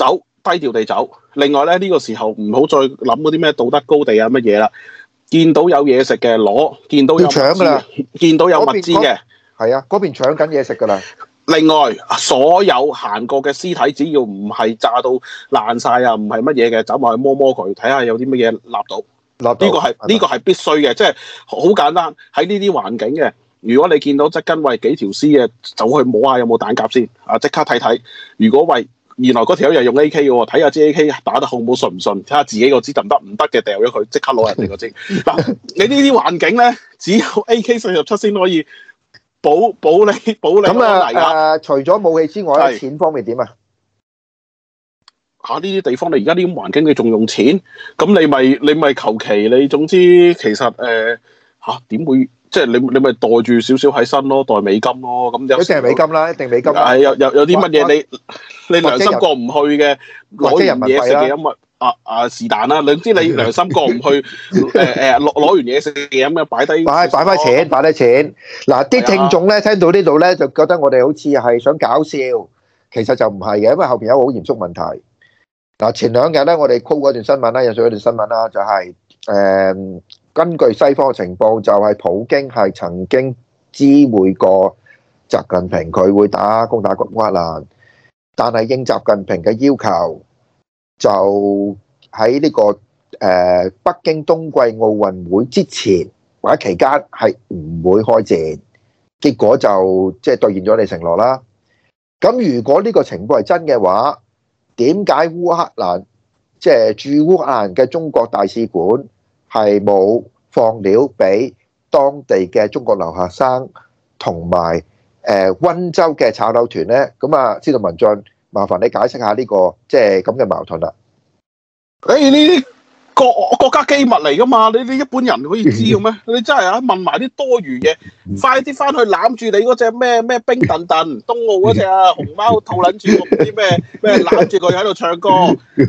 走，低調地走。另外咧，呢個時候唔好再諗嗰啲咩道德高地啊乜嘢啦。見到有嘢食嘅攞，見到要搶㗎啦，見到有物資嘅，係啊，嗰邊搶緊嘢食㗎啦。另外，所有行過嘅屍體，只要唔係炸到爛晒啊，唔係乜嘢嘅，走埋去摸摸佢，睇下有啲乜嘢立到。立到呢個係呢個係必須嘅，即係好簡單喺呢啲環境嘅。如果你見到側根胃幾條屍嘅，走去摸摸下有冇彈夾先啊！即刻睇睇，如果胃原來嗰條友又用 AK 嘅喎，睇下支 AK 打得好唔好，信唔信？睇下自己個支得唔得，唔得嘅掉咗佢，即刻攞人哋個支。嗱， 你呢啲環境咧，只有 AK 四十七先可以保保你保你個泥噶。除咗武器之外，錢是方面點啊？嚇！呢啲地方你而家呢啲環境你仲用錢？咁你咪你咪求其你，總之其實誒嚇點會？即係你你咪袋住少少喺身咯，袋美金咯，咁有時係美金啦，一定美金。係有有有啲乜嘢你你良心過唔去嘅，攞啲嘢食嘅飲物啊啊是但啦，你知你良心過唔去誒誒攞攞完嘢食嘅飲嘅擺低擺擺翻錢擺低錢。嗱啲聽眾咧聽到呢度咧就覺得我哋好似係想搞笑，其實就唔係嘅，因為後邊有個好嚴肅問題。嗱前兩日咧我哋 call 過一段新聞啦，有咗一段新聞啦，就係誒。根據西方情報，就係普京係曾經知會過習近平佢會打攻打烏克蘭，但係應習近平嘅要求，就喺呢個誒北京冬季奧運會之前或者期間係唔會開戰。結果就即係兌現咗你承諾啦。咁如果呢個情報係真嘅話，點解烏克蘭即係駐烏克蘭嘅中國大使館，係冇放料俾當地嘅中國留學生同埋誒温州嘅炒樓團呢，咁啊，司徒文進，麻煩你解釋下呢個即係咁嘅矛盾啦。國國家機密嚟噶嘛？你你一般人可以知嘅咩？你真係啊，問埋啲多餘嘢，快啲翻去攬住你嗰隻咩咩冰墩墩、冬奧嗰隻啊，熊貓，套撚住個啲咩咩攬住佢喺度唱歌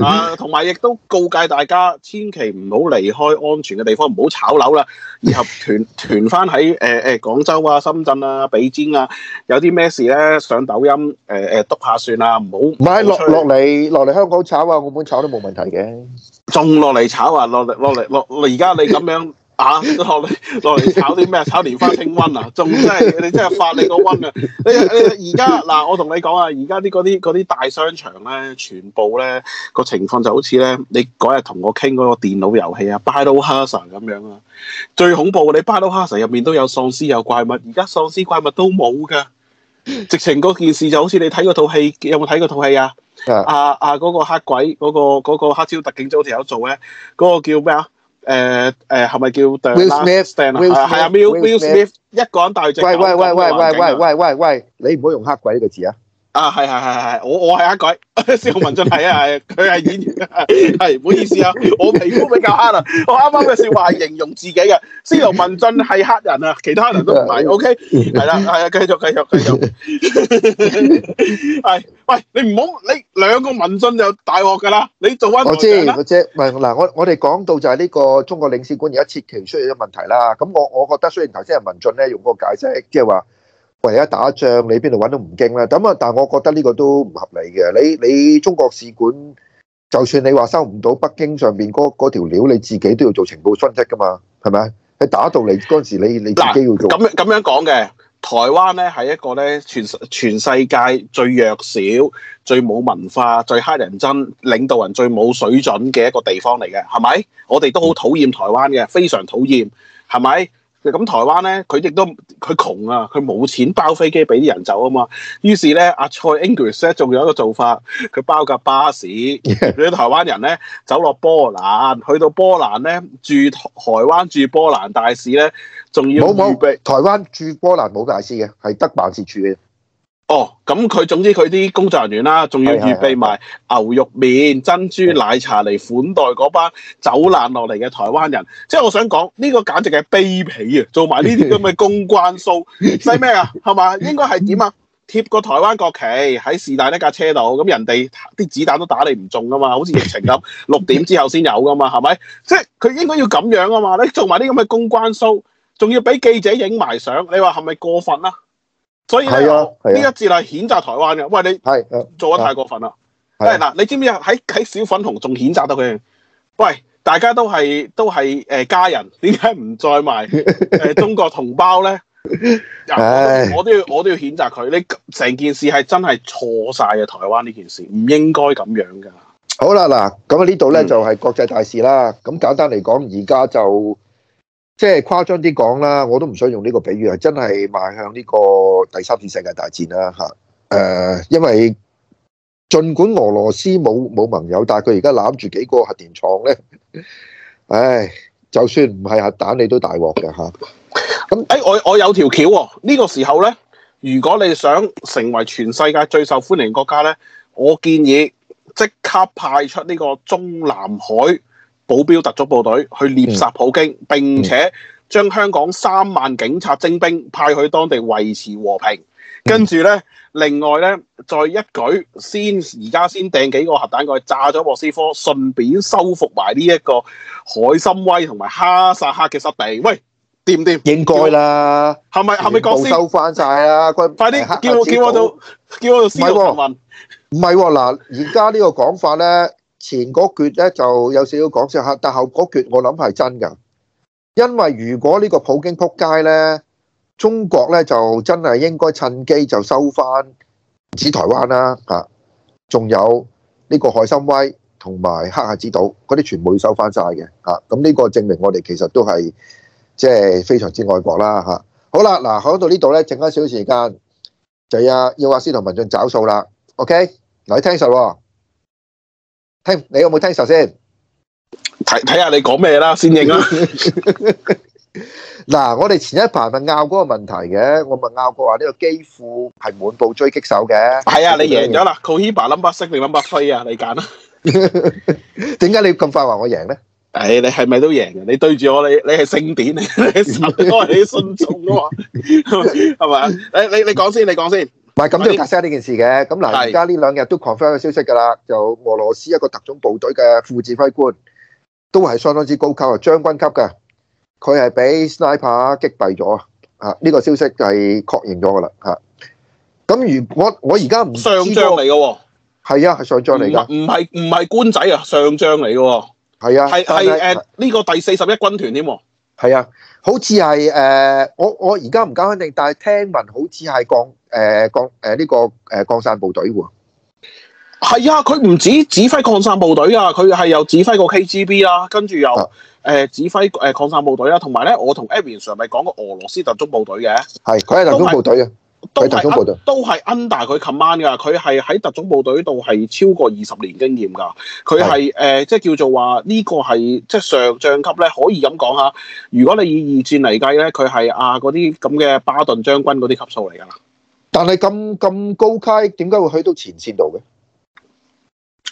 啊！同埋亦都告誡大家，千祈唔好離開安全嘅地方，唔好炒樓啦，然後團團翻喺誒誒廣州啊、深圳啊、比尖啊，有啲咩事咧上抖音誒誒篤下算啦，唔好唔係落落嚟落嚟香港炒啊，澳門炒都冇問題嘅。仲落嚟炒啊，落嚟落嚟落，而家你咁樣啊，落嚟落嚟炒啲咩？炒連花清瘟啊，仲真係你真係發你個瘟啊！你你而家嗱，我同你講啊，而家啲嗰啲啲大商場咧，全部咧個情況就好似咧，你嗰日同我傾嗰個電腦遊戲啊 Biohazard 咁樣啊，最恐怖！你 Biohazard 入面都有喪屍有怪物，而家喪屍怪物都冇噶。，直情嗰件事就好似你睇嗰套戲，有冇睇嗰套戲啊？啊啊嗰個黑鬼嗰個嗰個黑超特警組條友做咧，嗰個叫咩啊？誒誒，係咪叫 Will 啊係，係係係，我我係黑鬼，司徒文進係啊係，佢係演員，係唔好意思啊，我皮膚比較黑啊，我啱啱嘅笑話係形容自己嘅，司徒文進係黑人啊，其他人都唔係，OK，係啦係啊，繼續繼續繼續，係， 喂，你唔好你兩個文進就大鑊噶啦，你做翻我知我知，係嗱我我哋講到就係呢個中國領事館而家撤僑出現咗問題啦，咁我我覺得雖然頭先係文進咧用嗰個解釋，即係話。為一打仗，你邊度揾到唔驚啦。咁啊，但係我覺得呢個都唔合理嘅。你你中國使館，就算你話收唔到北京上邊嗰條料，你自己都要做情報分析噶嘛，係咪？你打到嚟嗰陣時你，你你自己要做。咁咁樣講嘅，台灣咧係一個咧全全世界最弱小、最冇文化、最乞人憎、領導人最冇水準嘅一個地方嚟嘅，係咪？我哋都好討厭台灣嘅，非常討厭，係咪？咁台灣咧，佢亦都佢窮啊，佢冇錢包飛機俾啲人走啊嘛。於是咧，阿蔡 Angus 咧仲有一個做法，佢包架巴士，你 台灣人咧，走落波蘭，去到波蘭咧駐台灣駐波蘭大使咧，仲要預備。台灣駐波蘭冇大使嘅，係得辦事處嘅。哦，咁佢總之佢啲工作人員啦，仲要預備埋牛肉麵、珍珠奶茶嚟款待嗰班走難落嚟嘅台灣人，即係我想講呢個簡直係卑鄙啊！做埋呢啲咁嘅公關 show，使咩 啊？係嘛？應該係點啊？貼個台灣國旗喺是但呢架車度，咁人哋啲子彈都打你唔中噶嘛？好似疫情咁，六點之後先有噶嘛？係咪？即係佢應該要咁樣啊嘛？你做埋啲咁嘅公關 show，仲要俾記者影埋相，你話係咪過分啊？所以係啊，呢、啊、一節係譴責台灣嘅，喂你係做得太過分啦。係嗱、啊，啊、你知唔知喺喺小粉紅仲譴責到佢？喂，大家都係都係誒家人，點解唔再賣誒 中國同胞咧 ？我都要我都要譴責佢。你成件事係真係錯晒啊！台灣呢件事唔應該咁樣噶。好啦，嗱咁啊，呢度咧就係國際大事啦。咁簡單嚟講，而家就。即係誇張啲講啦，我都唔想用呢個比喻係真係邁向呢個第三次世界大戰啦、啊、嚇。誒、呃，因為儘管俄羅斯冇冇盟友，但係佢而家攬住幾個核電廠咧，唉，就算唔係核彈，你都大鑊㗎嚇。咁、啊、誒，我我有條橋喎、哦，呢、這個時候咧，如果你想成為全世界最受歡迎國家咧，我建議即刻派出呢個中南海。保鏢特種部隊去獵殺普京，並且將香港三萬警察精兵派去當地維持和平。跟住呢，另外呢，再一舉先而家先掟幾個核彈過去炸咗莫斯科，順便收復埋呢一個海參崴同埋哈薩克嘅失地。喂，掂唔掂？應該啦。係咪係咪？俄羅斯全部收翻晒啦，快啲叫我叫我到黑黑叫我到斯里蘭文。唔係喎，嗱、啊，而家呢個講法呢。 前嗰橛咧就有少少講笑嚇，但後嗰橛我諗係真㗎，因為如果呢個普京撲街咧，中國咧就真係應該趁機就收翻，指台灣啦嚇，仲有呢個海參崴同埋黑客子島嗰啲全部要收翻晒嘅嚇，咁、啊、呢個證明我哋其實都係即係非常之愛國啦嚇、啊。好啦，嗱講到呢度咧，剩翻少少時間就要阿司徒文進找數啦。OK，嗱你聽實喎。聽你有冇聽實先？睇睇下你講咩啦，先應啦。嗱，我哋前一排咪拗嗰個問題嘅，我咪拗過話呢個機庫係滿布狙擊手嘅。係啊，你贏咗啦，Cohiba 冧巴 six 定冧巴 five 啊？你揀啦？點解你咁快話我贏咧？誒，你係咪都贏嘅？你對住我，你你係聖典，你我係信眾啊嘛？係嘛？你你你講先，你講先。唔係咁都要解釋呢件事嘅。咁嗱，而家呢兩日都 confirm 個消息噶啦，就俄羅斯一個特種部隊嘅副指揮官，都係相當之高級啊，將軍級嘅。佢係俾 sniper 擊斃咗啊！啊，呢個消息就係確認咗噶啦。吓，咁如果我而家唔上將嚟嘅，係啊係上將嚟噶，唔係唔係官仔啊，上將嚟嘅，係啊係係誒，呢個第四十一軍團點喎？係啊，好似係誒，我我而家唔敢肯定，但係聽聞好似係降誒、呃、降誒呢、呃這個誒、呃、降散部隊喎。係啊，佢唔止指揮降散部隊啊，佢係又指揮個 KGB 啦、啊，跟住又誒、啊呃、指揮誒、呃、降散部隊啦、啊。同埋咧，我同 Abby Sir 咪講過俄羅斯特種部隊嘅，係佢係特種部隊啊。都係特種部隊，都係 under 佢 command 噶，佢係喺特種部隊度係超過二十年經驗噶，佢係誒即係叫做話，這個、呢個係即係上將級咧，可以咁講下。如果你以二戰嚟計咧，佢係啊嗰啲咁嘅巴頓將軍嗰啲級數嚟㗎啦。但係咁咁高階，點解會去到前線度嘅？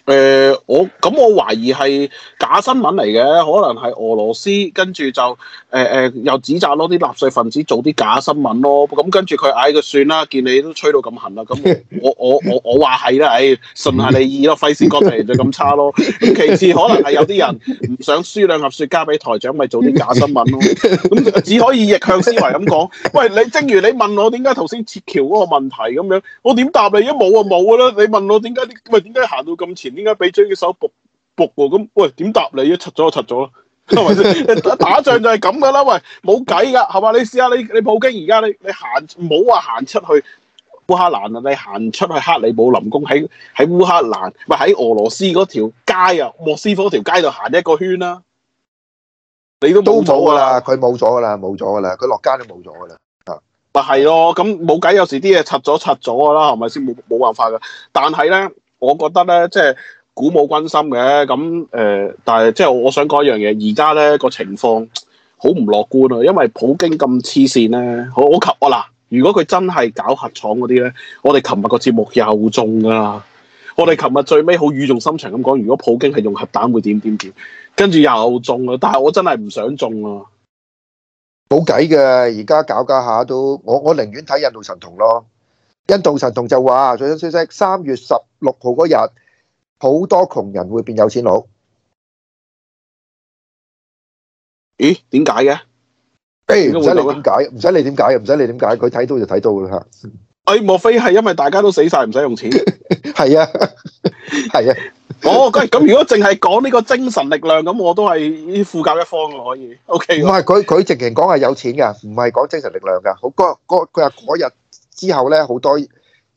誒、呃、我咁我懷疑係假新聞嚟嘅，可能係俄羅斯跟住就誒誒、呃呃、又指責咯啲納粹分子做啲假新聞咯，咁跟住佢嗌佢算啦，見你都吹到咁痕啦，咁我我我我我話係啦，誒順下你意咯，費事國泰就咁差咯。其次可能係有啲人唔想輸兩盒雪茄俾台長，咪做啲假新聞咯。咁只可以逆向思維咁講，喂，你正如你問我點解頭先撤僑嗰個問題咁樣，我點答你啊，冇啊冇啦，你問我點解咪點解行到咁前？點解俾追嘅手撲撲喎？咁、啊、喂，點答你？一拆咗就拆咗啦、啊，打仗就係咁噶啦，喂，冇計噶，係嘛？你試下你你普京而家你你行，唔好話行出去烏克蘭啊，你行出去克里姆林宮喺喺烏克蘭，咪喺俄羅斯嗰條街啊，莫斯科條街度行一個圈啦、啊，你都都冇噶啦，佢冇咗噶啦，冇咗噶啦，佢落街都冇咗噶啦，啊，咪係咯？咁冇計，有時啲嘢拆咗拆咗噶啦，係咪先？冇、啊、冇辦法噶，但係咧。我覺得咧，即係鼓舞軍心嘅。咁誒，但係、呃、即係我想講一樣嘢。而家咧個情況好唔樂觀啊，因為普京咁黐線咧。我我琴我嗱，如果佢真係搞核廠嗰啲咧，我哋琴日個節目又中㗎啦。我哋琴日最尾好語重心長咁講，如果普京係用核彈會點點點，跟住又中啊！但係我真係唔想中啊，冇計嘅。而家搞搞下都，我我寧願睇印度神童咯。印度神童就話最新消息，三月十六號嗰日，好多窮人會變有錢佬。咦？點解嘅？誒，唔使你點解，唔使你點解，唔使你點解，佢睇到就睇到啦吓。哎，莫非係因為大家都死晒，唔使用錢？係啊，係啊。哦，咁，咁，如果淨係講呢個精神力量，咁我都係副教一方噶，可以。OK。唔係，佢佢直情講係有錢噶，唔係講精神力量噶。好，嗰嗰佢話嗰日。之後咧，好多即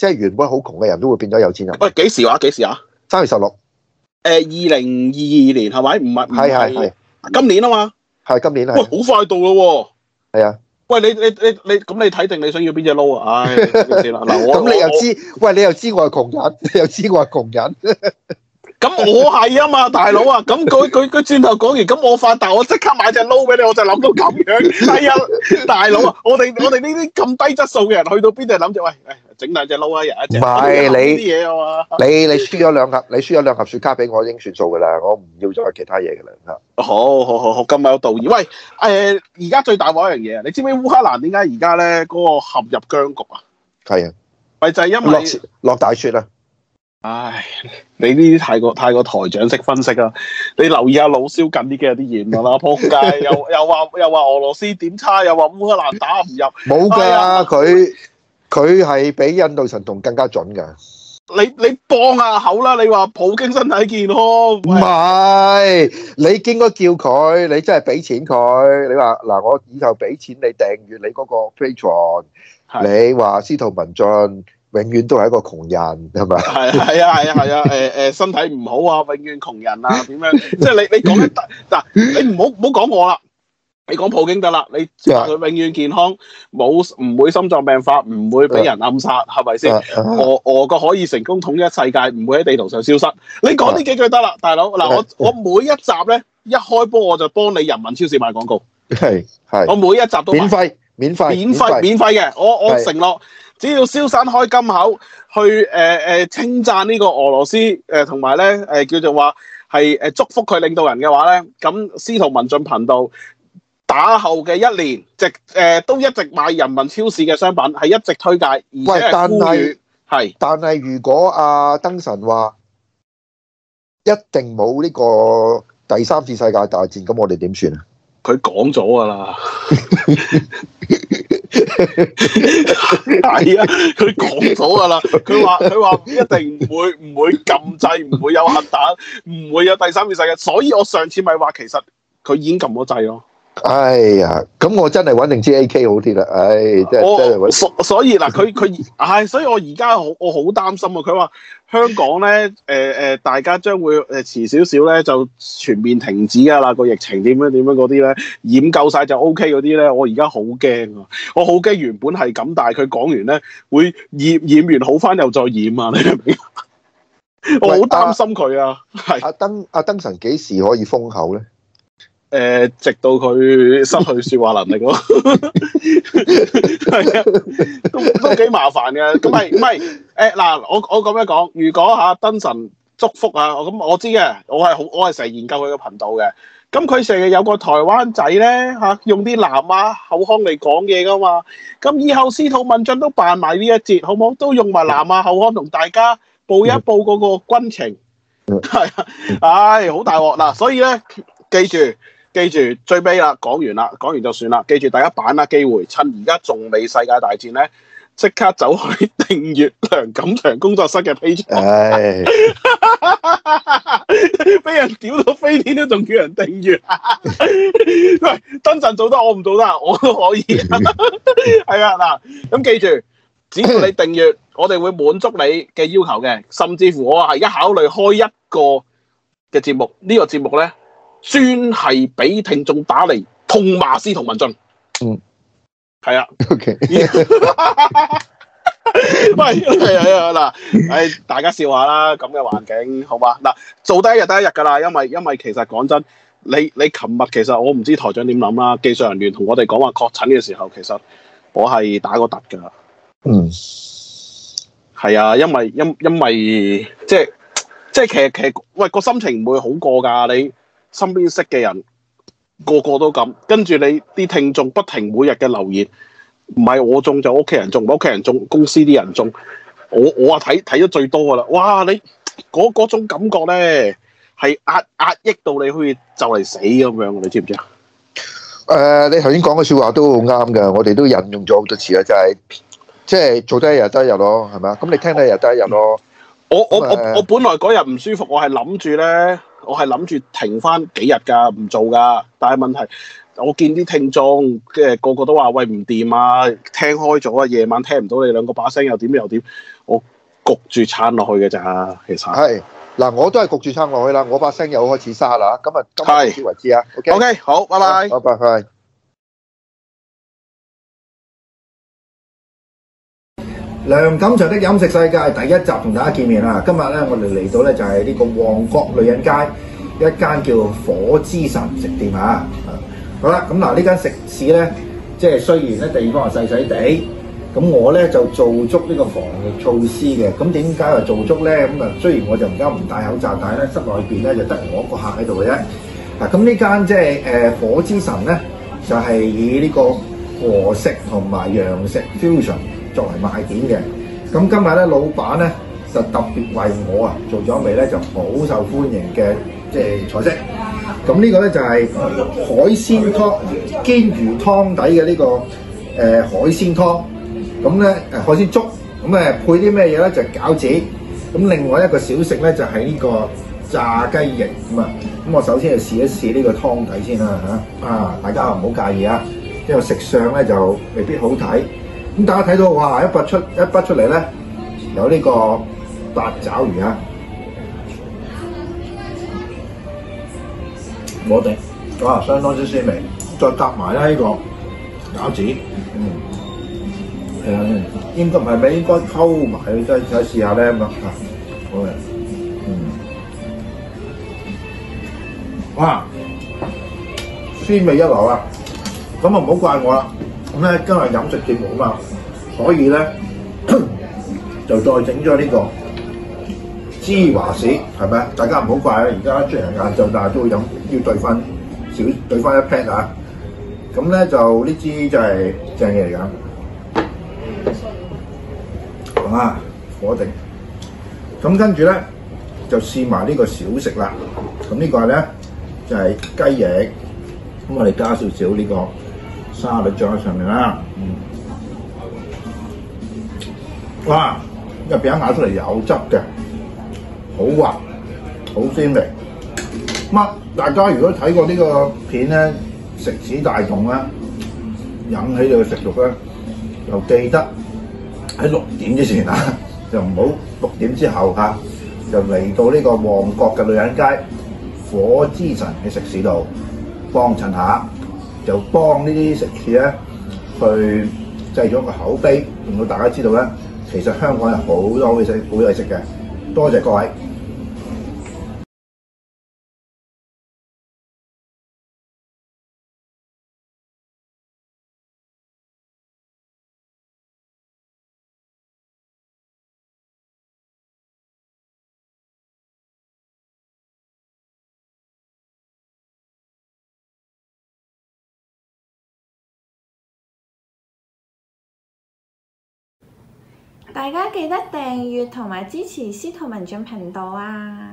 係原本好窮嘅人都會變咗有錢人。喂，幾時話幾時啊？三、啊、月十六、呃。誒，二零二二年係咪？唔係。係係係。今年啊嘛。係今年啊。喂，好快到啦喎、哦。係是啊。喂，你你你你咁你睇定你想要邊隻撈啊？唉、哎，啦。嗱，咁 你又知？我喂，你又知我係窮人，你又知我係窮人。 咁 我係啊嘛，大佬啊！咁佢佢佢轉頭講完，咁我發達，我即刻買隻撈俾你，我就諗到咁樣。係啊，大佬啊！我哋我哋呢啲咁低質素嘅人，去到邊度諗住？喂，整兩隻撈啊！人唔係你，你你輸咗兩盒，你輸咗兩盒雪茄俾我，我已經算數嘅啦。我唔要咗其他嘢嘅啦。好好好好，今日有道義。喂，誒、呃，而家最大鑊一樣嘢，你知唔知烏克蘭點解而家咧嗰個陷入僵局啊？係啊，咪就係因為落落大雪啊！唉，你呢啲太過太過台長式分析啦！你留意下老蕭近呢幾日啲言論啦，仆街又又話又話俄羅斯點差，又話烏克蘭打唔入，冇計啊，佢佢係比印度神童更加準噶。你你幫下口啦！你話普京身體健康，唔係你應該叫佢，你真係俾錢佢。你話嗱，我以後俾錢你訂閱你嗰個 Patreon，你話司徒文進。永遠都係一個窮人係咪？係係啊係啊係啊，誒誒身體唔好啊，永遠窮人啊，點樣即係你你講得，嗱，你唔好唔好講我啦，你講普京得啦，你佢永遠健康，冇，唔會心臟病發，唔會俾人暗殺，係咪先，俄俄國可以成功統一世界，唔會喺地圖上消失，你講呢幾句得啦，大佬。嗱，我我每一集咧，一開波我就幫你人民超市賣廣告，係係，我每一集都免費免費免費免費嘅，我我承諾。是是只要消散開金口，去誒誒稱讚呢個俄羅斯，誒同埋咧誒叫做話係誒祝福佢領導人嘅話咧，咁司徒文進頻道打後嘅一年，直誒、呃、都一直買人民超市嘅商品，係一直推介，而且係呼籲但係是如果阿、啊、燈神話一定冇呢個第三次世界大戰，咁我哋點算啊？佢講咗㗎喇。 係啊，佢講咗噶啦，佢話佢話一定唔會唔 會撳掣，唔會有核彈，唔會有第三次世界大戰，所以我上次咪話其實佢已經撳咗掣咯。哎呀，咁我真係揾定支 A K 好啲啦，哎，真我真係所所以嗱，佢佢係所以我而家我我好擔心啊！佢話香港咧，誒、呃、誒，大家將會誒遲少少咧就全面停止啊。啦，個疫情點樣點樣嗰啲咧，染夠晒就 O K 嗰啲咧，我而家好驚啊！我好驚原本係咁，但係佢講完咧會染染完好翻又再染啊！你明唔明？我好擔心佢啊！係阿登阿登神幾時可以封口咧？誒、呃，直到佢失去說話能力咯，係啊，都都幾麻煩嘅。咁咪唔係誒嗱，我我咁樣講，如果吓燈、啊、神祝福啊，咁我，我知嘅，我係好，我係成日研究佢嘅頻道嘅。咁佢成日有個台灣仔咧吓、啊，用啲南亞口腔嚟講嘢噶嘛。咁以後司徒文進都辦埋呢一節，好唔好？都用埋南亞口腔同大家報一報嗰個軍情。係、 哎，唉，好大鑊嗱。所以咧，記住。記住最尾啦，講完啦，講完就算啦。記住大家把握機會，趁而家仲未世界大戰咧，即刻走去訂閱梁錦祥工作室嘅 page、哎。俾 人屌到飛天都仲叫人訂閱、啊，喂，等陣做得我唔做得，我都可以。係啊，嗱、 啊，咁記住，只要你訂閱，哎、我哋會滿足你嘅要求嘅，甚至乎我而家考慮開一個嘅節目，呢、這個節目咧。專係俾聽眾打嚟痛罵司徒文進，嗯，係啊，O Okay . K， 喂，嗱，誒，大家笑下啦，咁嘅環境，好嘛？嗱，做低一日，得一日噶啦，因為因為其實講真，你你琴日其實我唔知台長點諗啦，技術人員同我哋講話確診嘅時候，其實我係打過突噶，嗯，係啊，因為因因為，因為即係即係其實其實喂個心情唔會好過噶你。身邊識嘅人個個都咁，跟住你啲聽眾不停每日嘅留言，唔係我中就屋、是、企人中，唔係屋企人中公司啲人中，我我話睇睇咗最多噶啦，哇！你嗰種感覺咧係壓壓抑到你可以就嚟死咁樣，你知唔知啊？誒、呃，你頭先講嘅説話都好啱㗎，我哋都引用咗好多次啦，就係即係做得一日得一日咯，係咪啊？咁你聽得一日得一日咯。嗯、麼我我我麼我本來嗰日唔舒服，我係諗住咧。我係諗住停翻幾日㗎，唔做㗎。但係問題，我見啲聽眾嘅、呃、個個都話喂唔掂啊，聽開咗啊，夜晚聽唔到你兩個把聲又點又點，我焗住撐落去㗎咋，其實係嗱，我都係焗住撐落去啦，我把聲又開始沙啦，今日到此為止啊是，OK OK，好，bye bye. 拜拜，拜拜，拜。梁錦祥的飲食世界第一集同大家見面啦！今日咧我哋嚟到咧就係呢個旺角女人街一間叫火之神食店啊！好啦，咁嗱呢間食肆咧，即係雖然咧地方係細細地，咁我咧就做足呢個防疫措施嘅。咁點解話做足咧？咁啊雖然我就而家唔戴口罩，但係咧室內邊咧就得我一個客喺度嘅啫。嗱，咁呢間即係誒火之神咧，就係以呢個和食同埋洋食 fusion。作為賣點嘅，咁今日咧，老闆咧就特別為我啊做咗味咧就好受歡迎嘅即係菜式。咁呢個咧就係海鮮湯煎魚湯底嘅呢個誒海鮮湯，咁咧誒海鮮粥，咁誒配啲咩嘢咧就係餃子，咁另外一個小食咧就係呢個炸雞翼。咁啊，咁我首先就試一試呢個湯底先啦嚇。啊，大家唔好介意啊，因為食相咧就未必好睇。大家睇到哇，一筆出一筆出嚟咧，有呢個八爪魚啊，我哋哇，相當之鮮味，再搭埋咧呢個餃子，嗯，係啊，應該唔係咩？應該溝埋，真係試下咧咁啊，好嘅，嗯，哇，鮮味一流啊，咁啊唔好怪我啦、啊。咁咧，今日飲食節目啊嘛，所以咧就再整咗呢個芝華士，係咪大家唔好怪啊！而家出嚟晏晝但係都會飲，要兌翻少，兌翻一 pat 啊！咁咧就呢支就係正嘢嚟㗎，係嘛？火定。咁、啊、跟住咧就試埋呢個小食啦。咁、啊這個、呢個咧就係、是、雞翼，咁我哋加少少呢個。沙律醬喺上面啦，嗯，哇，入面一咬出嚟有汁嘅，好滑，好鮮味。咁大家如果睇過呢個片咧，食指大動咧，引起你嘅食慾咧，就記得喺六點之前啊，就唔好六點之後嚇、啊，就嚟到呢個旺角嘅女人街火之神喺食肆度幫襯下。就幫這些呢啲食肆咧，去製咗個口碑，令到大家知道咧，其實香港有好多好嘢食嘅。多謝各位。大家記得訂閱同埋支持司徒文進頻道啊！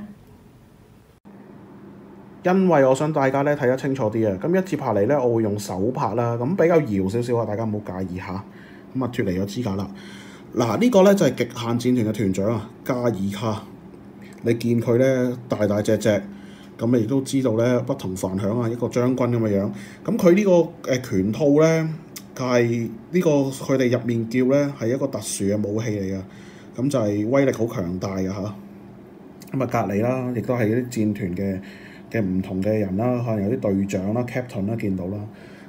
因為我想大家咧睇得清楚啲啊，咁一接拍嚟咧我會用手拍啦，咁比較搖少少啊，大家唔好介意吓，咁啊脫離咗支架啦。嗱，這個、呢個咧就係、是、極限戰團嘅團長啊，加爾卡。你見佢咧大大隻隻，咁你都知道咧不同凡響啊，一個將軍咁嘅樣。咁佢呢個誒拳套，咧。就係呢個佢哋入面叫咧，係一個特殊嘅武器嚟噶，咁就係威力好強大嘅嚇。咁啊，隔籬啦，亦都係嗰啲戰團嘅嘅唔同嘅人啦，可能有啲隊長啦、Captain 啦見到啦。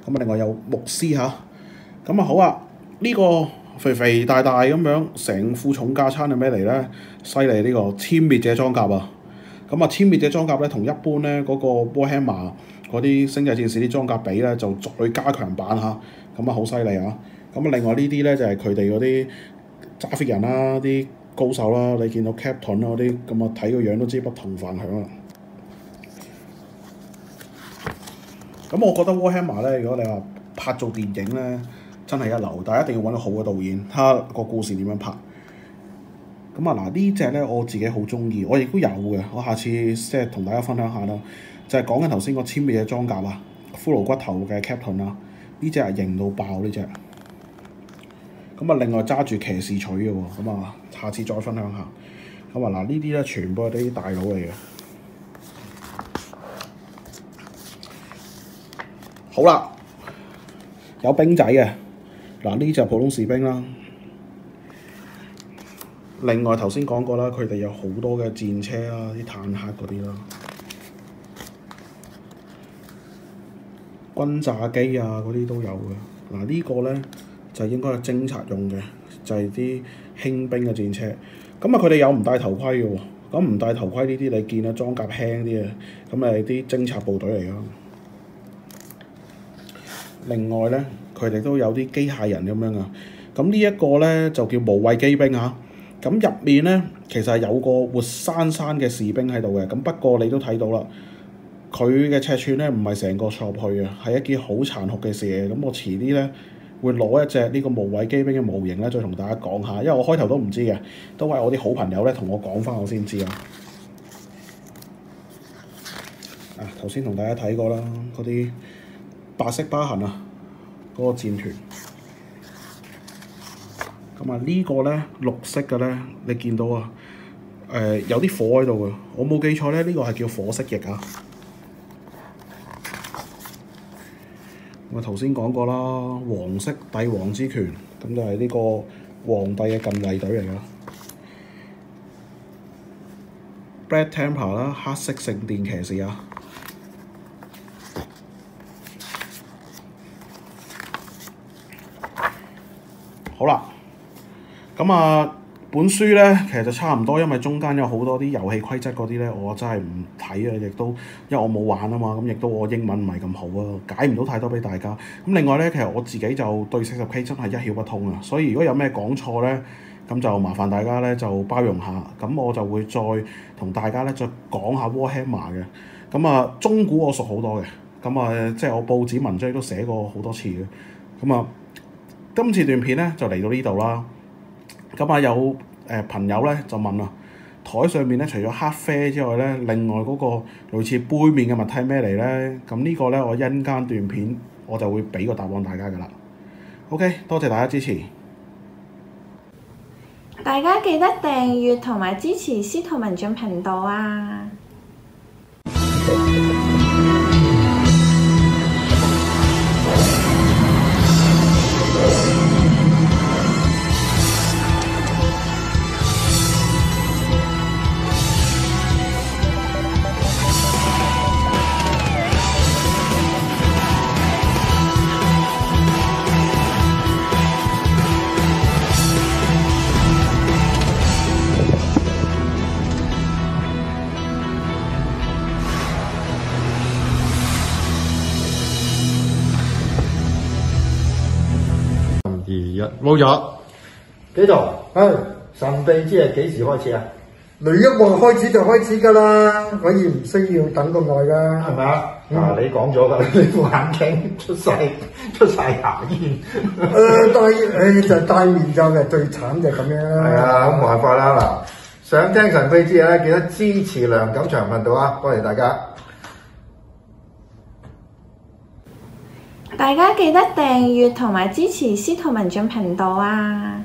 咁、嗯、啊，另外有牧師嚇。咁啊、嗯，好啊，呢個肥肥大大咁樣成副重架餐係咩嚟咧？犀利呢個殲滅者裝甲啊！咁、嗯、啊，殲滅者裝甲咧，同一般咧嗰個 Warhammer 嗰啲星際戰士啲裝甲比咧，就再加強版嚇。咁啊，好犀利啊！咁啊，另外呢啲咧就係佢哋嗰啲揸 fit 人啦，啲高手啦、啊，你見到 Captain 嗰啲咁啊，睇個樣都知不同凡響啊！咁我覺得 Warhammer 咧，如果你話拍做電影咧，真係一流，但係一定要揾到好嘅導演，睇個故事點樣拍。咁啊，嗱呢隻咧我自己好中意，我亦都有嘅，我下次即係同大家分享下啦。就係、是、講緊頭先個黐尾嘅裝甲啊，骷髏骨頭嘅 Captain 啦。呢隻係型到爆呢隻，咁啊另外揸住騎士取嘅喎，咁啊下次再分享下，咁啊嗱呢啲咧全部係啲大佬嚟嘅，好啦，有兵仔嘅，嗱呢隻普通士兵啦，另外頭先講過啦，佢哋有好多嘅戰車啊，啲坦克嗰啲啦。轟炸機啊，嗰啲都有嘅。嗱呢個咧就應該係偵察用嘅，就係啲輕兵嘅戰車。咁啊，佢哋有唔戴頭盔嘅喎。咁唔戴頭盔呢啲，你見啊裝甲輕啲啊。咁啊，係啲偵察部隊嚟咯。另外咧，佢哋都有啲機械人咁樣啊。咁呢一個咧就叫無畏機兵啊。咁入面咧其實係有個活生生嘅士兵喺度嘅。咁不過你都睇到啦。佢嘅尺寸咧唔係成個錯入去啊，係一件好殘酷嘅事。咁我遲啲咧會攞一隻呢個無畏機兵嘅模型咧，再同大家講下。因為我開頭都唔知嘅，都係我啲好朋友咧同我講返我先知啊。啊，頭先同大家睇過啦，嗰啲白色疤痕啊，嗰、那個戰團。咁啊，這個、呢個咧綠色嘅咧，你見到啊？誒、呃，有啲火喺度嘅。我冇記錯咧，呢、這個係叫火蜥蜴啊。我頭先講過啦，黃色帝王之權，咁就係呢個皇帝嘅禁衛隊嚟㗎啦，Black Templar 啦，Tampa，黑色聖殿騎士啊，好啦，咁啊。本書咧其實就差唔多，因為中間有好多啲遊戲規則嗰啲咧，我真係唔睇啊，亦都因為我冇玩啊嘛，咁亦都我英文唔係咁好啊，解唔到太多俾大家。咁另外咧，其實我自己就對四十 K 真係一竅不通啊，所以如果有咩講錯咧，咁就麻煩大家咧就包容下。咁我就會再同大家咧再講下 Warhammer 嘅。咁啊，中古我熟好多嘅，咁啊即係我報紙文章都寫過好多次嘅。咁啊，今次段片咧就嚟到呢度啦。咁啊有誒、呃、朋友咧就問啦，台上面咧除咗黑啡之外咧，另外嗰個類似杯麵嘅物體咩嚟咧？咁呢個咧我一間段片我就會俾個答案大家噶啦。OK，多謝大家支持，大家記得訂閱同埋支持司徒文進頻道啊！好咗幾多？督哎，神秘之夜幾時開始啊？雷一望開始就開始噶啦，可以唔需要等咁耐噶，係咪啊？嗱，你講咗噶，你副眼鏡出晒出晒牙煙，誒，戴、 呃哎、就是、戴面罩嘅，最慘就咁樣。係啊，冇、嗯、辦法啦。嗱，想聽神秘之夜咧，記得支持梁錦祥頻道啊，多謝大家。大家記得訂閱同埋支持司徒文進頻道啊！